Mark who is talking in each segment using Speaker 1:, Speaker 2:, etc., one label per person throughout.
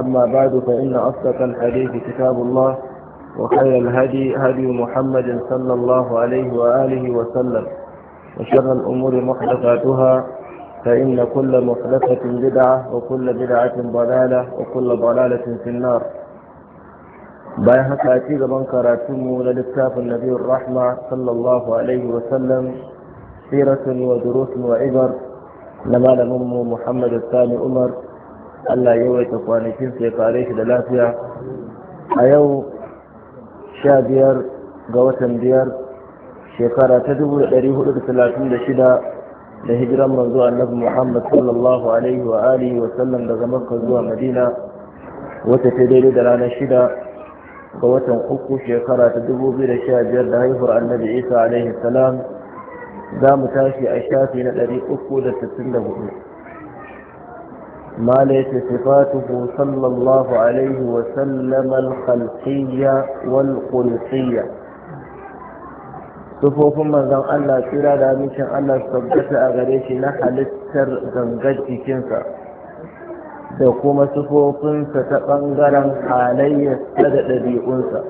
Speaker 1: أما بعد فإن أصدق الحديث كتاب الله وخير الهدي هدي محمد صلى الله عليه وآله وسلم وشر الأمور محدثاتها فإن كل محدثة بدعة وكل بدعة ضلالة وكل ضلالة في النار بايها فاتيغ من كراتمو للكتاب النبي الرحمة صلى الله عليه وسلم سيرة ودروس وعبر لما لنمو محمد الثاني عمر Allah ya yawaita kwanakin sai kare shi da lafiya a yau sha biyar ga watan biyar shekara ta dubu da ɗari hudu da talatin da shida da hijiran manzo annabi Muhammad sallallahu alaihi wa alihi wa sallam daga Makka zuwa Madina wata ta daidai da ranar shida ga watan uku shekara ta dubu biyu da sha biyar da haihuwar annabi Isa alaihi salam za mu tashi a shafi na ɗari uku da sittin da hudu ما ليس صفاته صلى الله عليه وسلم الخلقية والخلقية sufofin manzon Allah tsira da amincin Allah su a gare shi na halittar gangar jikinsa da kuma sufofinsa ta ɓangaren halayyarsa da ɗabi'unsa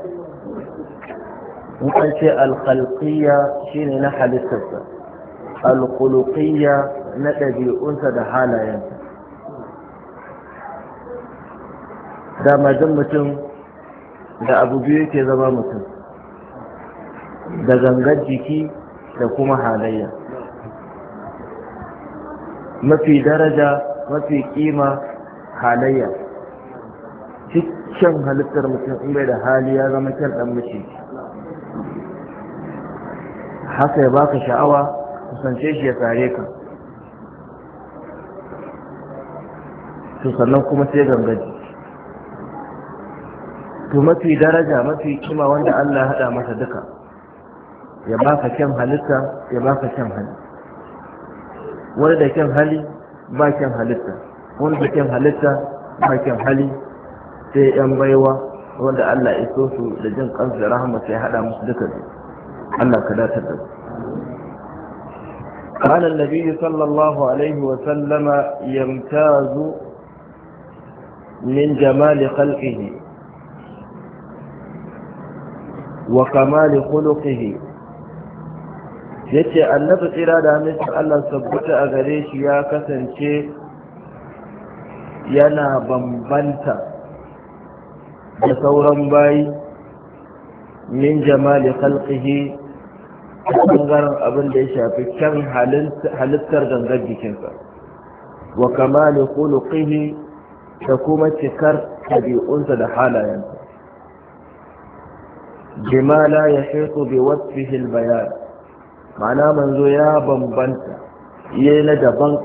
Speaker 1: in an ce shine na halittarsa alkulukiyya na ɗabi'unsa da halayensa dama don mutum da abu biyu yake zama mutum da gangar jiki da kuma halayya mafi daraja mafi kima halayya cikin halittar mutum in bai da hali ya zama kyan dan mace haka ya baka sha'awa kusance shi ya tsare ka to sannan kuma sai gangaji to mafi daraja mafi kima wanda Allah haɗa masa duka ya baka kyan halitta ya baka kyan hali wani da kyan hali ba kyan halitta wani da kyan halitta ba kyan hali sai yan baiwa wanda Allah ya so su da jin kansu da rahama ya haɗa musu duka Allah ka datar da su قال النبي صلى الله عليه وسلم يمتاز من جمال خلقه wa kamali khuluqihi yace annabi tsira da aminci Allah sabbata a gare shi ya kasance yana bambanta da sauran bayi min jamali khalqihi bangaren abin da ya shafi kan halittar gangar jikinsa wa kamali khuluqihi da kuma cikar ɗabi'unsa da halayensa bima la yahiqu bi wasfihi al-bayan ma'ana manzo ya bambanta yayi na daban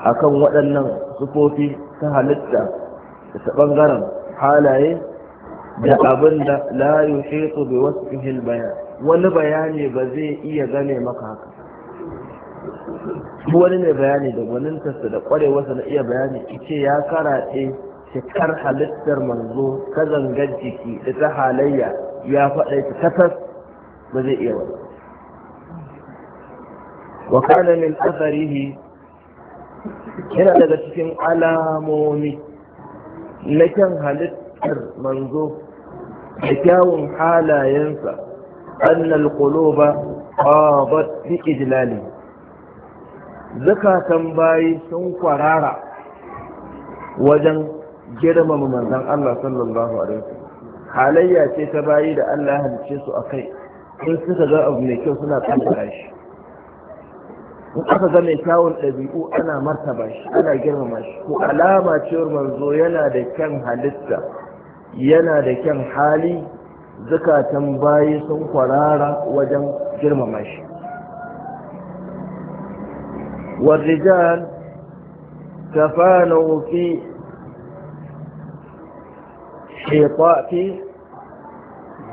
Speaker 1: akan waɗannan sufofi ta halitta da ta ɓangaren halaye da abin da la yuhiqu bi wasu al-bayan wani bayani ba zai iya gane maka haka wani ne bayani da gwanintarsa da kwarewarsa na iya bayani ice ya karaɗe shekar halittar manzo ta zangar jiki da ta halayya ya faɗa ta takas ba zai iya wani wa kana min asarihi yana daga cikin alamomi na kyan halittar manzo da kyawun halayensa annal quluba qabat bi ijlali zakatan bayi sun kwarara wajen girmama manzon Allah sallallahu alaihi halayya ce ta bayi da Allah halice su a kai in suka ga abu mai kyau suna kankara shi in aka ga mai kyawun ɗabi'u ana martaba shi ana girmama shi ko alama cewar manzo yana da kyan halitta yana da kyan hali zukatan bayi sun kwarara wajen girmama shi والرجال تفانوا في حيطاء في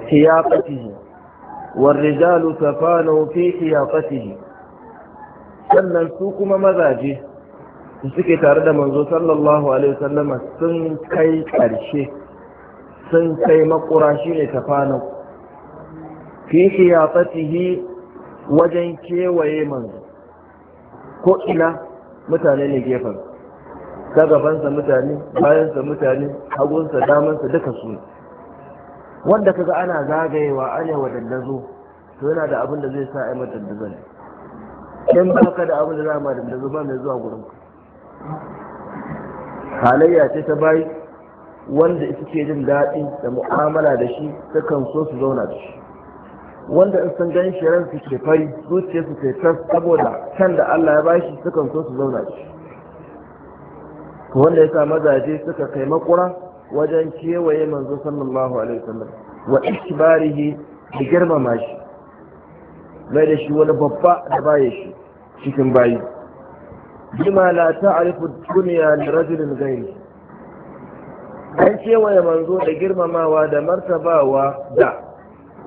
Speaker 1: خياطته والرجال تفانوا في خياطته sannan su kuma mazaje su suke tare da manzo sallallahu alaihi wasallama sun kai ƙarshe sun kai makura shi ne tafanu fi khiyatatihi wajen kewaye manzo ko ina mutane ne gefen ta gabansa mutane bayansa mutane hagunsa damansa duka su ne wanda kaga ana zagayewa ana wa dandazo to yana da abin da zai sa a mata dandazo ne in ba ka da abin da za ma dandazo ba mai zuwa gurin halayya ce ta bayi wanda ita ke jin daɗi da mu'amala da shi kan so su zauna da shi wanda in san gan shi su ke fari zuciya su ke tas saboda can da Allah ya bashi sukan so su zauna da shi wanda ya sa mazaje suka kai makura wajen kewaye manzo sallallahu alaihi wasallam wa ikbarihi da girmama shi mai da shi wani babba da baya shi cikin bayi bima la ta'rifu dunya li rajulin ghairi an kewaye manzo da girmamawa da martabawa da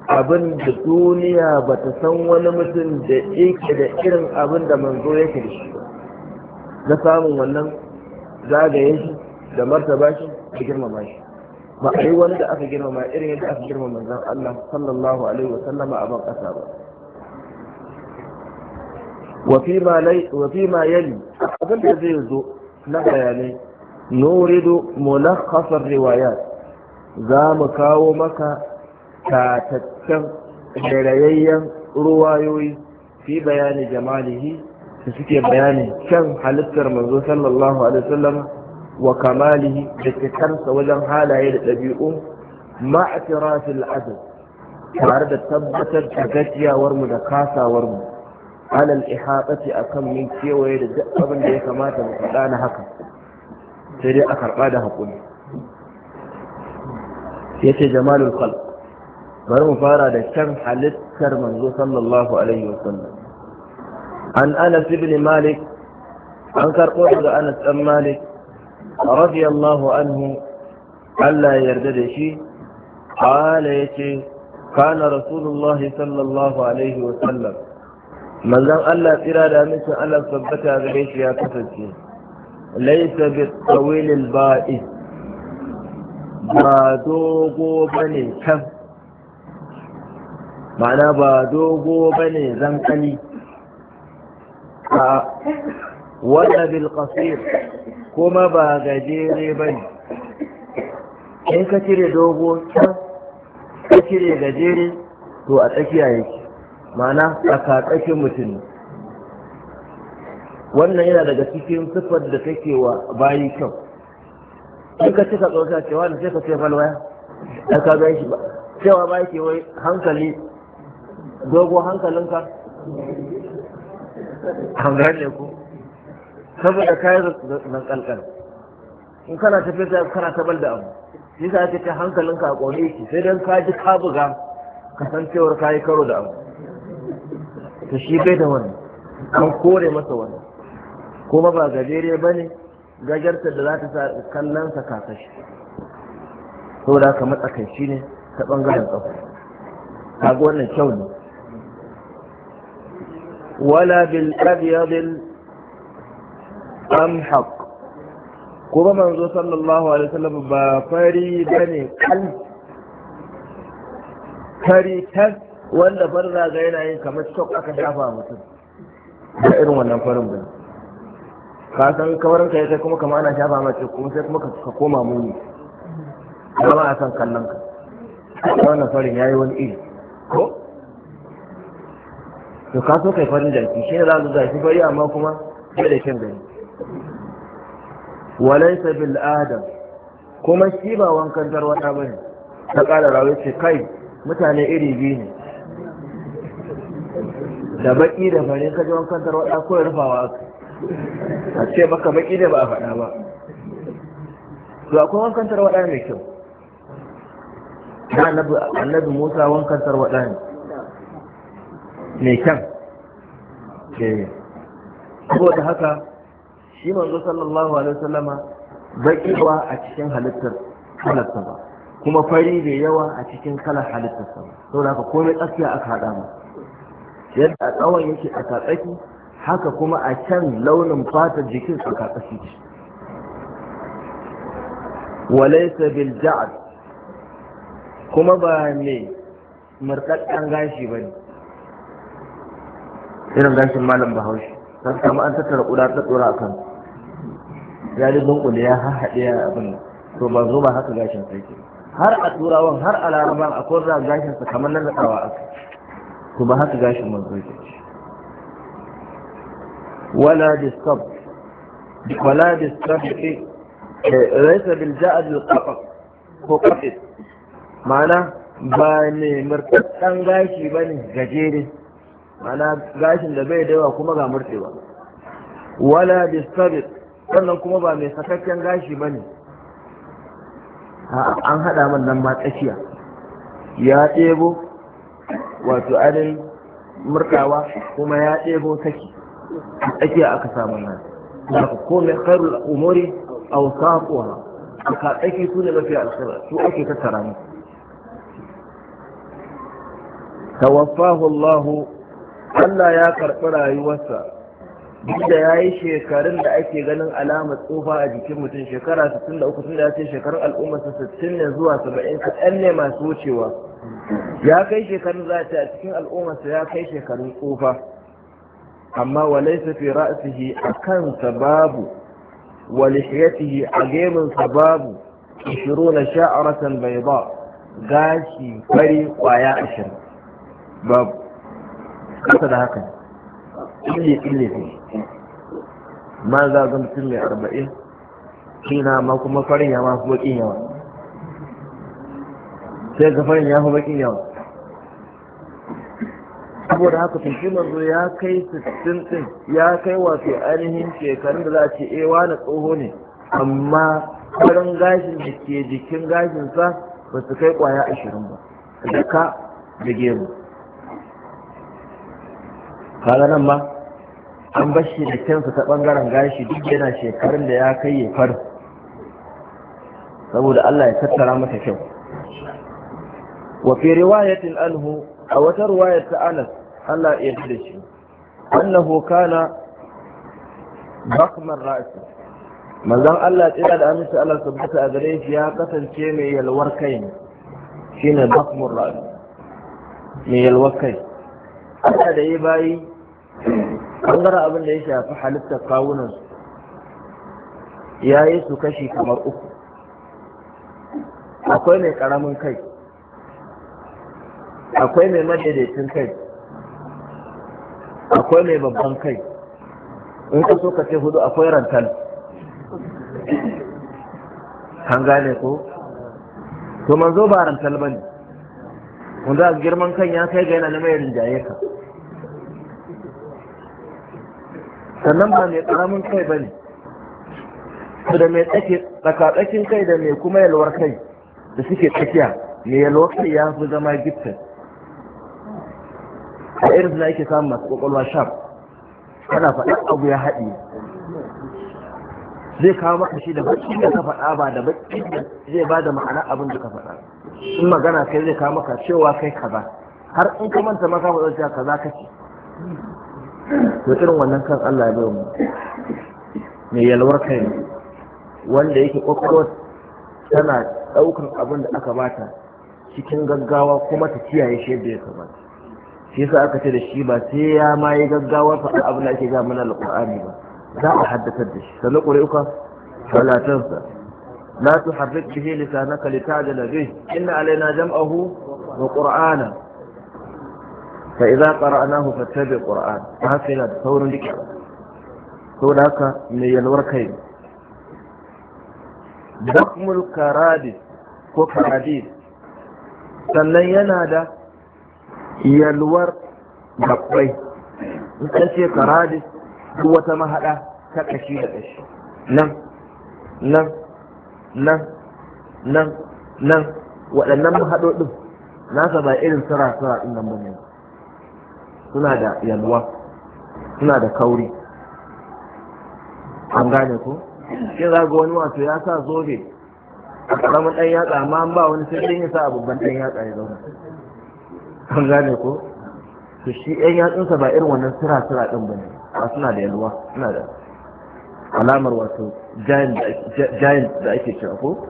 Speaker 1: abin da duniya ba ta san wani mutum da yake da irin abin da manzo yake da shi na samun wannan zagaye shi da martaba shi a girmama shi ba a yi wani da aka girmama irin yadda aka girmama zan Allah sallallahu alaihi wa sallama a ban kasa ba wa fi ma yali abin da zai zo na bayanai nuridu mulakhasar riwayat za mu kawo maka tataccen rayayyen ruwayoyi fi bayani jamalihi da suke bayani kan halittar manzo sallallahu alaihi wasallam wa kamalihi da cikarsa wajen halaye da ɗabi'u ma'atirafil adab tare da tabbatar da gajiyawarmu da kasawarmu alal ihaɗati a kan min kewaye da duk abin da ya kamata mu faɗa na haka sai dai a karɓa da haƙuri ya ce jamalul khalq bari mu fara da kyan halittar manzo sallallahu alaihi wa sallam. an anas ibn malik an karɓo daga anas ɗan malik radiyallahu anhu Allah ya yarda da shi qala yace kana rasulullah sallallahu alaihi wa sallam manzon Allah tsira da mutum Allah tabbata da shi ya kasance laysa bi tawil al ba dogo bane kan ma'ana ba dogo bane zankali a wala kuma ba gajere ba ne in ka cire dogo can ka cire gajere to a tsakiya yake ma'ana tsakatsakin mutum ne wannan yana daga cikin siffar da take wa bayi kyau in ka cika tsotsa cewa da sai ka ce falwaya da ka gan shi ba cewa ba yake wai hankali dogo hankalinka hankali ne ku saboda kayi nan kalkal in kana tafiya ta kana tabal da abu shi ka ce ta hankalinka a ƙone shi sai dan ka ji ka buga kasancewar kayi karo da abu to shi bai da wani an kore masa wani kuma ba gajere ba ne gajarta da za ta sa kallon sa to da ka shi ne ta bangaren tsaho kaga wannan kyau ne wala bil abyadil am haq kuma manzo sallallahu alaihi wasallam ba fari bane kal fari tas wanda farza ga yana yin kamar shok aka shafa mutum da irin wannan farin ba ka san kawarin ka kai kuma kamar ana shafa mace kuma sai kuma ka koma muni kuma a san kallon ka wannan farin yayi wani iri ko to ka so kai farin jaki shi ne za su zafi fari amma kuma bai da kyan gani walaisa bil adam kuma shi ba wankan tarwata ne. ta kala rawe ce kai mutane iri biyu ne da baki da fare kaji wankan tarwata ko rufawa aka a ce baka baki da ba a faɗa ba to akwai wankan tarwata mai kyau annabi musa wankan tarwata ne mai kyan eh. saboda haka shi manzo sallallahu alaihi wasallama baki ba a cikin halittar halittar ba kuma fari da yawa a cikin kala halittar sa saboda haka komai tsakiya aka hada mu yadda a tsawon yake a tsaki haka kuma a can launin fatar jikin a tsaki ce walaysa bil ja'd kuma ba ne murɗaɗɗen gashi ba ne irin gashin malam bahaushe ta kuma an tattara ƙuda ta tsora a kansu ya ji dunkule ya haɗe ya abin to ba zo ba haka gashin sarki ke har a turawan har a laraban a kodra gashin sa kamar na nadawa aka to ba haka gashin manzo ke wala disab wala disab raisa eh, bil ja'd al qatf ko qatf ma'ana ba ne murtaɗɗan gashi ba ne gajere ma'ana gashin da bai da yawa kuma ga murtewa wala disabit sannan kuma ba mai sakakken gashi ba ne an haɗa man nan ma tsakiya ya ɗebo wato adai murkawa kuma ya ɗebo saki tsakiya aka samu nan Ko ku kome khairul umuri a wasu a ka tsaki su ne mafi alkhairar su ake tattara ne tawaffahu Allah Allah ya karɓi rayuwarsa duk da ya yi shekarun da ake ganin alamar tsufa a jikin mutum shekara 63 tun da ya ce shekarun al'ummar sa 60 ne zuwa 70 kaɗan ne masu wucewa ya kai shekarun za ta a cikin al'ummar sa ya kai shekarun tsufa amma su fi ra'sihi a kansa babu wa lihiyatihi a gemin sababu babu 20 sha'aratan ba, gashi fari kwaya ashirin, babu kasa da haka ille ille ne ma za ga mutum mai arba'in kina ma kuma farin ya ma fi baƙin yawa sai ga farin ya fi baƙin yawa saboda haka tunci manzo ya kai sittin ɗin, ya kai wasu ainihin shekarun da za a ce eh wani tsoho ne amma farin gashin da ke jikin gashinsa ba su kai kwaya ashirin ba da ka da gemu Ka nan ma an bar shi da kyansa ta bangaren gashi duk yana shekarun da ya kai ya fara saboda Allah ya tattara masa kyau wa fi riwayatin anhu a wata riwayar ta Anas Allah ya yarda da shi annahu kana bakmar ra'si manzon Allah tsira da aminci Allah tabbata a gare shi ya kasance mai yalwar kai ne shine bakmur ra'si mai yalwar kai Allah da yi bayi ɓangaren abin da ya shafi halittar kawunan ya yi su kashi kamar uku akwai mai ƙaramin kai akwai mai madaidaicin kai akwai mai babban kai in ka so ka ce hudu akwai rantan kan gane ko to manzo ba rantal ba ne wanda girman kan ya kai ga yana na mai rinjaye ka sannan ba mai karamin kai ba ne da mai tsakatsakin kai da mai kuma yalwar kai da suke tsakiya mai yalwar kai ya fi zama gifted a irin na yake samun masu kwakwalwa sharp kana faɗa abu ya haɗi zai kawo maka shi da baki da ka faɗa ba da baki da zai ba da ma'ana abin da ka faɗa in magana kai zai kawo maka cewa kai kaza har in ka manta maka faɗa cewa kaza kake to irin wannan kan Allah bai mu mai yalwar kai ne wanda yake kwakwalwar tana ɗaukar abin da aka bata cikin gaggawa kuma ta kiyaye shi yadda ya kamata shi yasa aka ce da shi ba sai ya ma yi gaggawa fa abin da ake ga mana alƙur'ani ba za a haddatar da shi uka salatan sa la tuharrik bihi lisanaka litajala bih inna alaina jam'ahu wa qur'ana fa idza qara'nahu fattabi qur'an haka yana da saurin rike saboda haka mai yalwar kai dakmul karadis ko karadis sannan yana da yalwar gaɓɓai in ta ce karadis duk wata mahaɗa ta ƙashi da ƙashi nan nan nan nan nan waɗannan mahaɗoɗin nasa ba irin sura-sura nan ba ne suna da yalwa suna da kauri an gane ku? shin za ga wani wato ya sa zobe a karamin ɗan yatsa amma ba wani sirrin ya sa a babban ɗan yatsa ya zauna an gane ku? su shi ɗan yatsunsa ba irin wannan sira sira ɗin ba ne ba suna da yalwa suna da alamar wato giant da ake cewa ko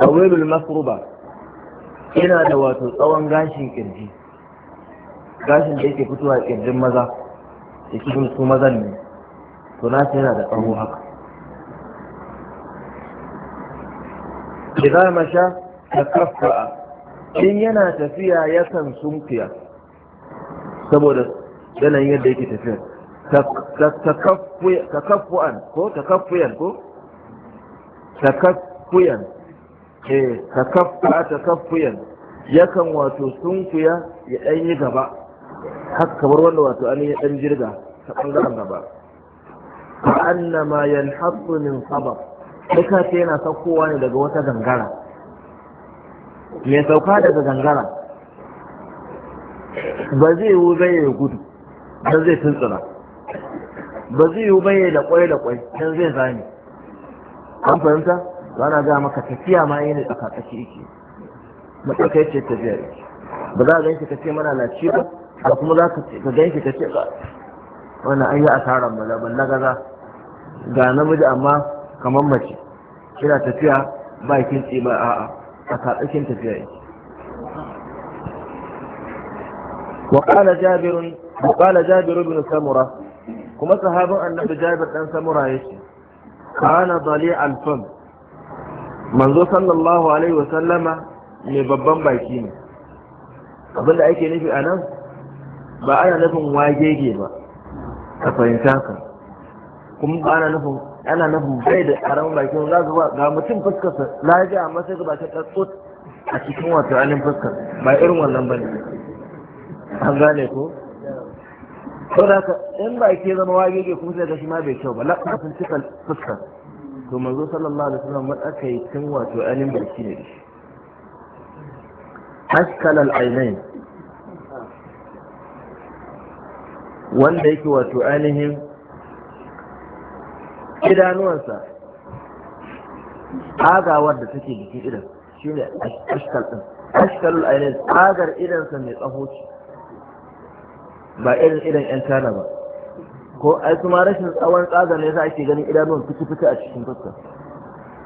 Speaker 1: awilul masruba yana da wato tsawon gashin kirji gashin da yake fitowa kirjin maza da cikin su mazan ne to na yana da tsawo haka idan masha da kafa in yana tafiya ya kan sunkuya saboda yanayin yadda yake tafiya takaffuyan ko takaffuyan ko takaffuyan eh takaffa takaffuyan yakan wato sunkuya ya dan yi gaba har kamar wanda wato an yi dan jirga ta bangaren gaba ka annama yanhaddu min sabab sai ka ce yana saukowa ne daga wata gangara mai sauka daga gangara ba zai yiwu wuzai ya gudu dan zai tuntsura ba zai yiwu wuzai da kwai da kwai dan zai zani an fahimta to ana ga maka tafiya ma yana tsaka tsaki yake matsaka yace tafiya yake ba za ka ganshi ka ce mana laci ba ba kuma za ka ganshi ka ce ba wannan an yi asarar maza balla gaza ga namiji amma kamar mace kina tafiya ba kintsi ba a'a tsaka tsakin tafiya yake وقال جابر وقال جابر بن سمرة كما صحاب النبي جابر بن سمرة يشي كان ضليع الفم manzo sallallahu alaihi wasallama mai babban baki ne abinda ake nufi a nan ba ana nufin wagege ba a fahimta ka kuma ba ana nufin ana nufin bai da karamin baki za su ga mutum fuskarsa lafiya amma sai ba ta tsot a cikin wato ainihin fuskar ba irin wannan ba ne an gane ko saboda ka in ba zama wagege kuma sai ga shi ma bai kyau ba sun cika fuskar to manzo sallallahu alaihi wasallam aka yi tun wato ainihin barci ne shi askal al-ainain wanda yake wato ainihin idanuwansa agawar da take jikin idan shi ne din ɗin ashkalul ainihin agar idansa mai tsaho ce ba irin idan 'yan tana ba ko ai kuma rashin tsawon tsagar ne za a ke ganin idanuwan fiti fiti a cikin fuska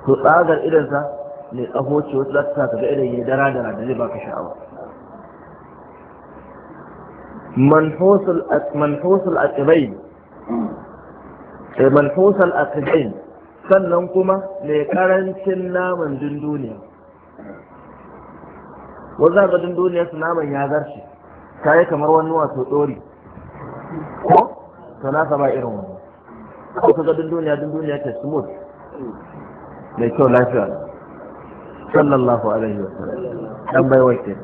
Speaker 1: to tsagar idansa ne tsaho ce wasu za ta sa ga idan yi dara dara da zai baka sha'awa manhusul manhusul manfosul a aqibai sannan kuma mai karancin naman dunduniya wanda ga dunduniya su naman ya zarce ta yi kamar wani wato dori ko to naka ba irin wani ko ka dun duniya dun duniya ta smooth mai kyau lafiya sallallahu alaihi wasallam dan bai wace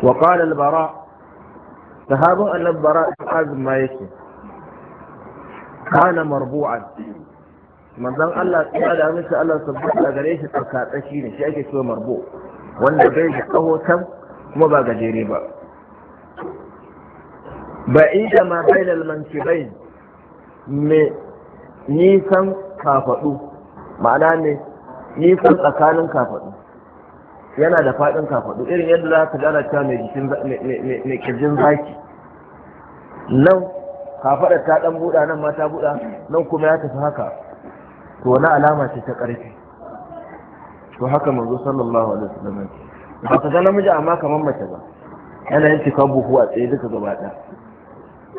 Speaker 1: wa qala al-bara sahabun al-bara azm ma yake kana marbu'an manzon Allah ya da mishi Allah subhanahu wa gare shi tsaka tsashi ne shi ake cewa marbu wanda bai da kaho kuma ba gajere ba ba'ida ma bainal mankibain me nisan kafadu ma'ana ne nisan tsakanin kafadu yana da fadin kafadu irin yadda za ka gana ta mai jikin mai kirjin zaki nan kafadar ta dan buda nan ma ta buda nan kuma ya tafi haka to wani alama ce ta karfi to haka manzo sallallahu alaihi wasallam ba ka ga namiji amma kamar mace ba yana yin cikar buhu a tsaye duka gaba ɗaya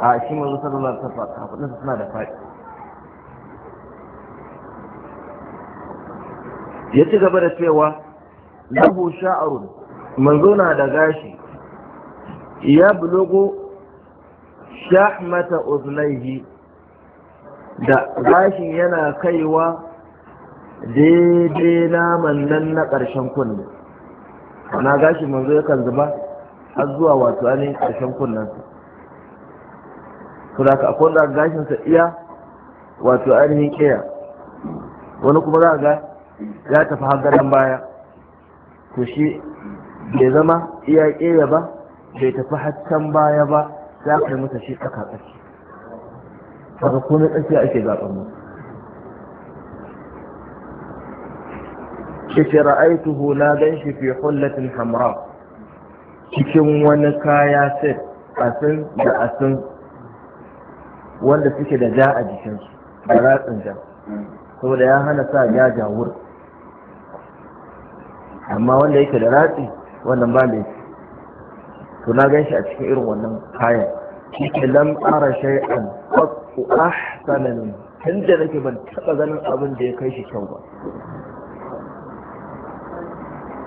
Speaker 1: a shi manzo sallallahu alaihi wasallam kafin suna da faɗi ya ci gaba da cewa lahu sha'arun manzo na da gashi ya bulugo sha'mata uznaihi da gashin yana kaiwa daidai naman nan na ƙarshen kunne na gashi manzo yakan zuba har zuwa wato ainihin ƙarshen kunnensa saboda ka akwai wanda gashin sa iya wato ainihin kiya wani kuma za ga ya tafi hagaran baya to shi bai zama iya kiya ba bai tafi haccan baya ba za ka yi masa shi tsaka tsaki kaga komai tsaki ake zaɓen mu kishi ra'aituhu na don shi fi hullatin hamra cikin wani kaya sai asin da asin wanda suke da ja a jikinsu da ratsin ja saboda ya hana sa ja jawur amma wanda yake da ratsi wannan ba da to na gan shi a cikin irin wannan kayan kike lam ara shay'an qattu ahsana min tunda nake ban taba ganin abin da ya kai shi kyau ba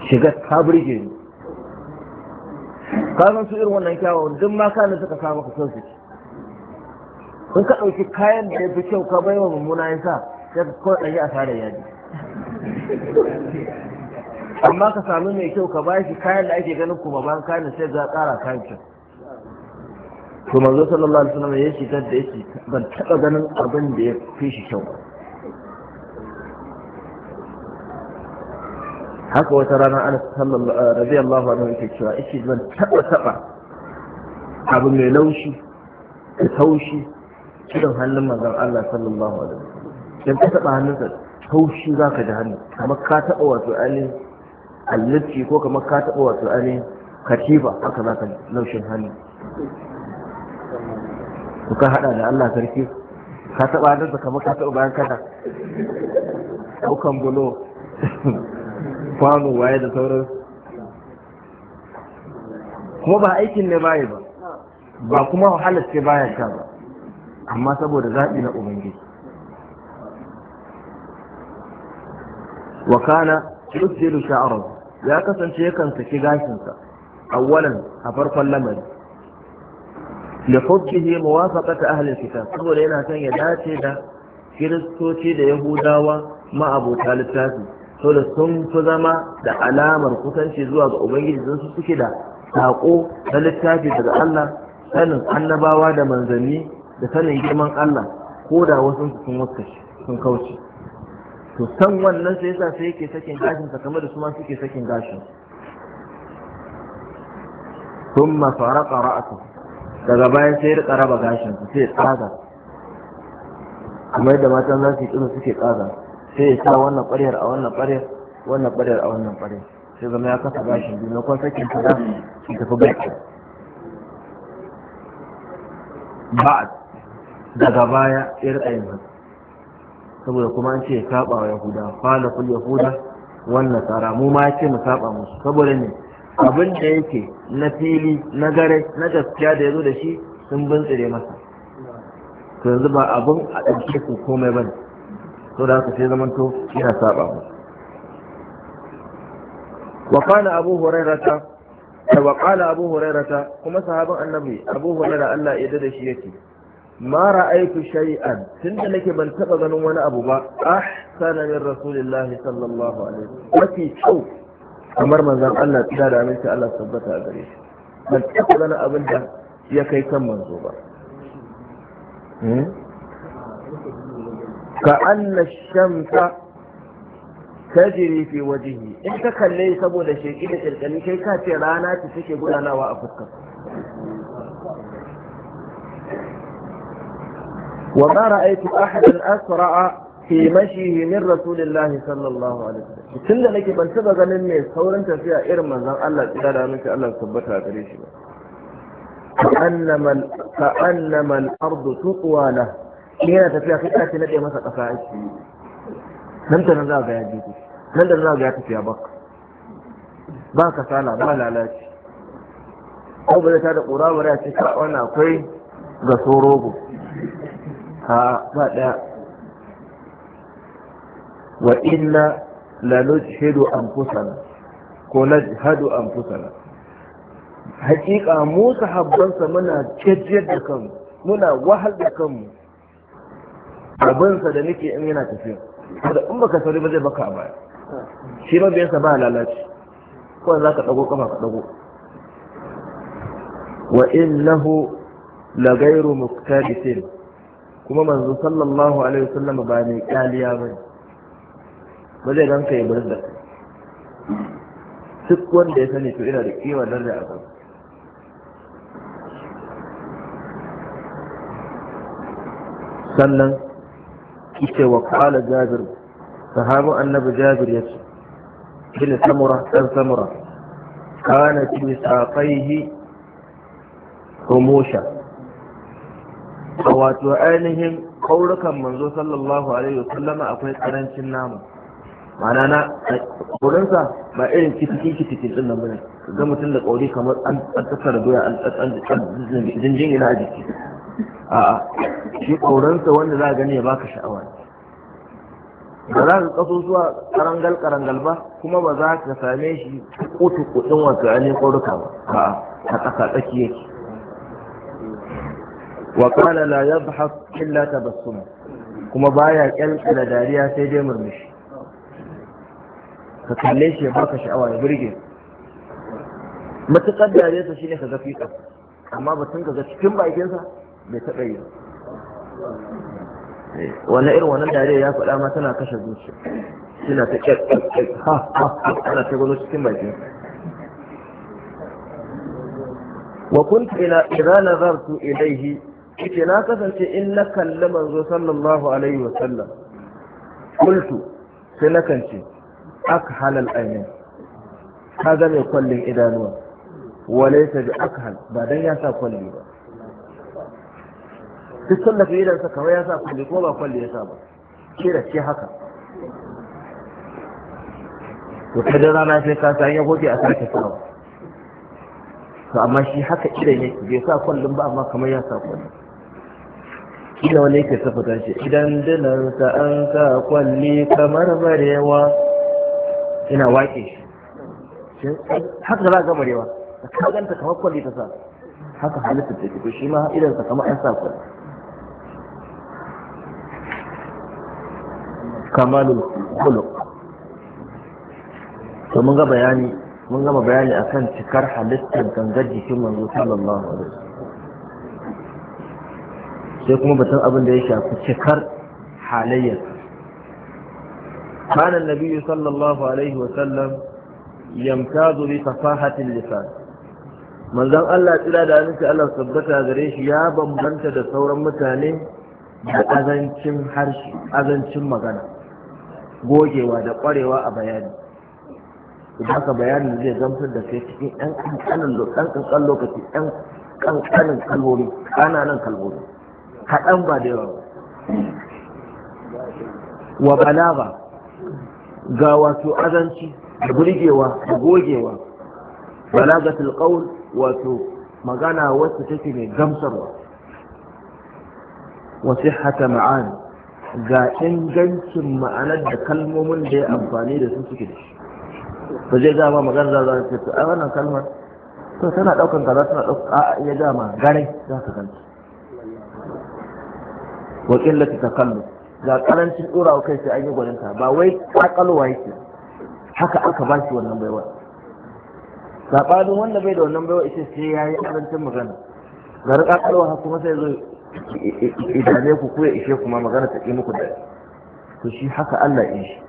Speaker 1: shiga ta ne ni ka san su irin wannan kyawawan duk ma kana suka kama maka son su in ka ɗauki kayan da ya fi kyau ka bai wa mummuna ya sa sai ka kawai ɗanyi asarar yaji amma ka sami mai kyau ka bashi kayan da ake ganin kuma ban kayan sai za ƙara kayan kyau to manzo sallallahu alaihi wasallam ya shigar da yake ban taɓa ganin abin da ya fi shi kyau haka wata rana ana sallallahu eh, radiyallahu anhu yake cewa yake ban taɓa taɓa abu mai laushi da taushi shirin hannun manzon Allah sallallahu alaihi wasallam dan ka taba hannunsa taushi zaka da hannu kamar ka taba wato ainihin allaci ko kamar ka taba wato ainihin katifa haka zaka laushin hannu Ko ka hada da Allah sarki ka taba hannunsa kamar ka taba bayan kada daukan bulo kwano waye da sauran. kuma ba aikin ne baya ba ba kuma wahalar ce baya sha ba amma saboda zaɓi na ubangiji Wakana, kana yusjilu ya kasance yakan saki gashinsa awwalan a farkon lamari li hubbihi ta ahli kitab saboda yana son ya dace da kiristoci da yahudawa ma'abota littafi da sun fi zama da alamar kusanci zuwa ga ubangiji don su suke da saƙo na littafi daga Allah sanin annabawa da manzanni da sanin girman Allah ko da wasu sun wuskashi sun kauce to san wannan sai yasa sai yake sakin gashin sa kamar da su ma suke sakin gashin thumma faraqa ra'su daga bayan sai rika raba gashin sa sai tsaga kamar da matan za su yi suke tsaga sai ya sa wannan ƙwaryar a wannan ƙwaryar wannan ƙwaryar a wannan ƙwaryar sai zama ya kasa gashin biyu na kwan sakin sa za su tafi bakin ba'ad daga baya ya rika yin haka saboda kuma an ce ya saba wa yahuda fala kul yahuda wannan tsara mu ma ya ce mu saba musu saboda ne abin da yake na fili na gare na gaskiya da ya zo da shi sun tsire masa to yanzu ba abin a ɗauke ku komai ba ne to da haka sai zamanto yana saba musu wa أبو abu hurairata kuma هريرة annabi abu hurairata Allah ya ألا shi yake ma ra'aytu shay'an tunda nake ban taba ganin wani abu ba ahsana min rasulillahi sallallahu alaihi mafi kyau kamar manzon Allah tsada da aminci Allah tabbata a gare shi ban taba ganin abin da ya kai kan manzo ba ka anna shamsa tajri fi wajhi in ka kalle saboda sheki da kirkani kai ka ce rana ta take gudanawa a fuskar وما رأيت أحدا أسرع في مشيه من رسول الله صلى الله عليه وسلم تند لك من سبق مني سورا تفيا إرما زن الله تعالى منك الله ثبتها قريش كأنما كأنما الأرض تطوى له هنا تفيا في آتي نبي مسا قفاعش nan da nan za ga ya jeje nan da nan za ga ya tafiya ba ba ka sala ba lalaci ko ba zai ta da ƙura ba ya ce ka wani akwai ga sorogo a ba ɗaya wa inna la nujhidu anfusana ko najhadu anfusana hakika mu sahabbansa muna jajjar da kanmu muna wahal da kanmu abinsa da nake in yana tafiya da in baka sauri ba zai baka a baya shi mabiyansa ba lalaci ko za ka dago kama ka dago wa innahu la ghayru muqtadisin kuma manzo sallallahu alaihi wasallam ba mai kaliya ba ba zai ranka ya bar da duk wanda ya sani to ina da kima daraja a kan sannan ita wa qala jabir sahabu annabi jabir yace bin samura dan samura kana fi saqaihi humusha a wato ainihin ƙaurukan manzo sallallahu alaihi wasallama akwai ƙarancin nama mana na wurinsa ba irin kitikin kitikin ɗin nan bane ga mutum da ƙauri kamar an tsakar doya an jinjin ina a jiki a'a shi ƙaurinsa wanda za a gani ya baka sha'awa ba za ka kaso zuwa karangal karangal ba kuma ba za ka same shi kutu kudin wato ainihin ƙauruka ba a'a a tsaka tsaki yake wa qala la yadhhak illa tabassum kuma baya kyalkyala dariya sai dai murmushi ka kalle shi ya baka sha'awa ya burge matukar dariyarsa shine ka ga fiƙa amma batun ka cikin bai taɓa yi wani irin wannan dariya ya faɗa ma tana kashe zuciya suna ta ƙyaƙƙyaƙ ha ha ana ta gano cikin bakinsa وكنت إلى إذا نظرت إليه yace na kasance in na kalli manzo sallallahu alaihi wa sallam kultu sai na kance akhal al aynin ka zame kwallin idanuwa walaysa bi akhal ba dan ya sa kwalli ba duk sallar idan sa kawai ya sa kwalli ko ba kwalli ya sa ba shi da shi haka to kada rana sai ka san ya goge a sake sawa to amma shi haka idan yake bai sa kwallin ba amma kamar ya sa kwallon ina wani yake safata shi idan ka an ka kwalli kamar barewa ina wake shi haka za ga barewa ka ganta kamar kwalli ta sa haka halitta ta ke shi ma idan sa kamar an sa kwalli kamalul Kulu. to mun ga bayani mun gama bayani akan cikar halittar gangar jikin manzo sallallahu alaihi wasallam sai kuma batun abin da ya shafi cikar halayyar na nabi sallallahu alaihi wasallam yamtazu bi fasahatil lisan manzan Allah tsira da annabi Allah tabbata gare shi ya bambanta da sauran mutane da azancin harshe azancin magana gogewa da kwarewa a bayani idan haka bayanin zai zamfar da kai cikin ƴan ƙanƙanin lokaci ɗan ƙanƙanin kalmomi ƙananan kalmomi kaɗan ba da yawa wa balaga ga wato azanci da burgewa da gogewa balagatul qaul wato magana wacce take mai gamsarwa wa sihhata ma'ani ga ingancin ma'anar da kalmomin da ya amfani da su suke da shi ba zai ga ma magana za ta ce a wannan kalmar to tana daukan kaza tana daukan a ya ga ma garai za ka ganta wa qillati takalluf ga karancin dora kai sai an yi gwaninta ba wai kakalwa yake haka aka ba shi wannan baiwa sabanin wanda bai da wannan baiwa ita sai yayi karancin magana ga haka kuma sai zo idane ku ko ishe kuma magana ta ƙi muku da to shi haka Allah in shi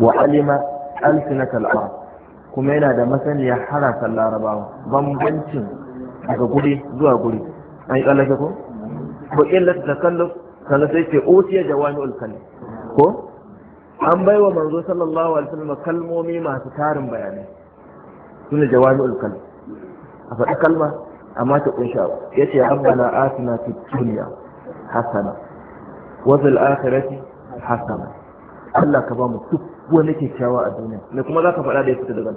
Speaker 1: wa alima alsinatal arab kuma yana da masaniya harafin larabawa bambancin daga guri zuwa guri an yi tsallake ko ko ta takalluf kala sai ce utiya jawami'ul kalim ko an bai wa manzo sallallahu alaihi wasallam kalmomi masu tarin bayanai sune jawami'ul kalim a faɗi kalma amma ta kunshi abu yace rabbana atina fi dunya hasana wa fil akhirati hasana Allah ka ba mu duk wani kyakkyawa a duniya ne kuma za ka faɗa da ya fita daga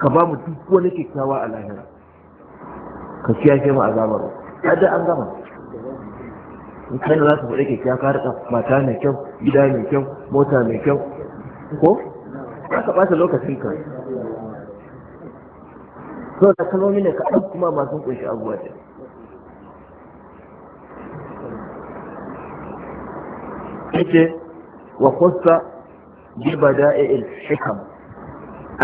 Speaker 1: ka ba mu duk wani kyakkyawa a lahira ka kiyashe mu azabar da an gama mutane za su faɗi kyakkyawa ka rika mata mai kyau gida mai kyau mota mai kyau ko za ka ɓata lokacin ka so da kalmomi ne kaɗan kuma masu kunshi abubuwa da yake wa kusa bi bada'il hikam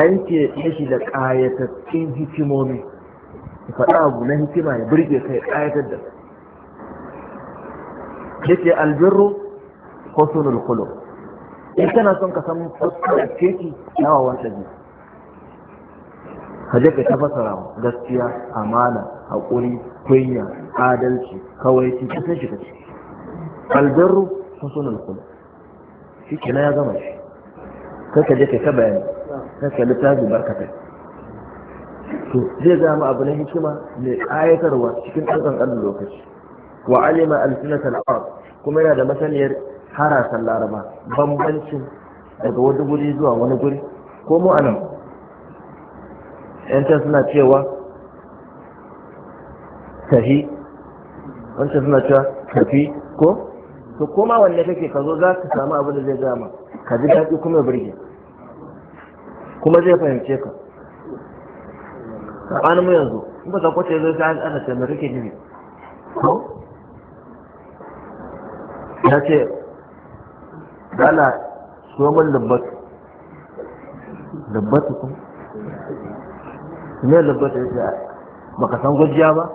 Speaker 1: an ke shi da ƙayatattun hikimomi faɗa abu na hikima ya burge kai ƙayatar da yake albirru sunul kulo in kana son ka san fuskar keki kyawawan ɗabi ka je ka tafasara gaskiya amana haƙuri kunya adalci ci ka san shi ka ce albirru sunul kulo shi na ya gama shi kai ka je ka ta bayani kai ka littafi barkatai to zai zama abu na hikima mai ayatarwa cikin ɗan ƙanƙanin lokaci wa alima alfinatal tal'awa kuma yana da masaniyar harasan laraba bambancin daga wani guri zuwa wani guri ko mu anan yancan suna cewa tafi wancan suna cewa tafi ko to koma wanne kake ka zo za ka samu abin da zai gama ka ji daɗi kuma birge kuma zai fahimce ka tsakanin mu yanzu in ba zakwato ya zo sai ana ce mai ne nufi ya ce dala shomin lambatu lambatu ko ne lambatu ya ce baka san gajiya ba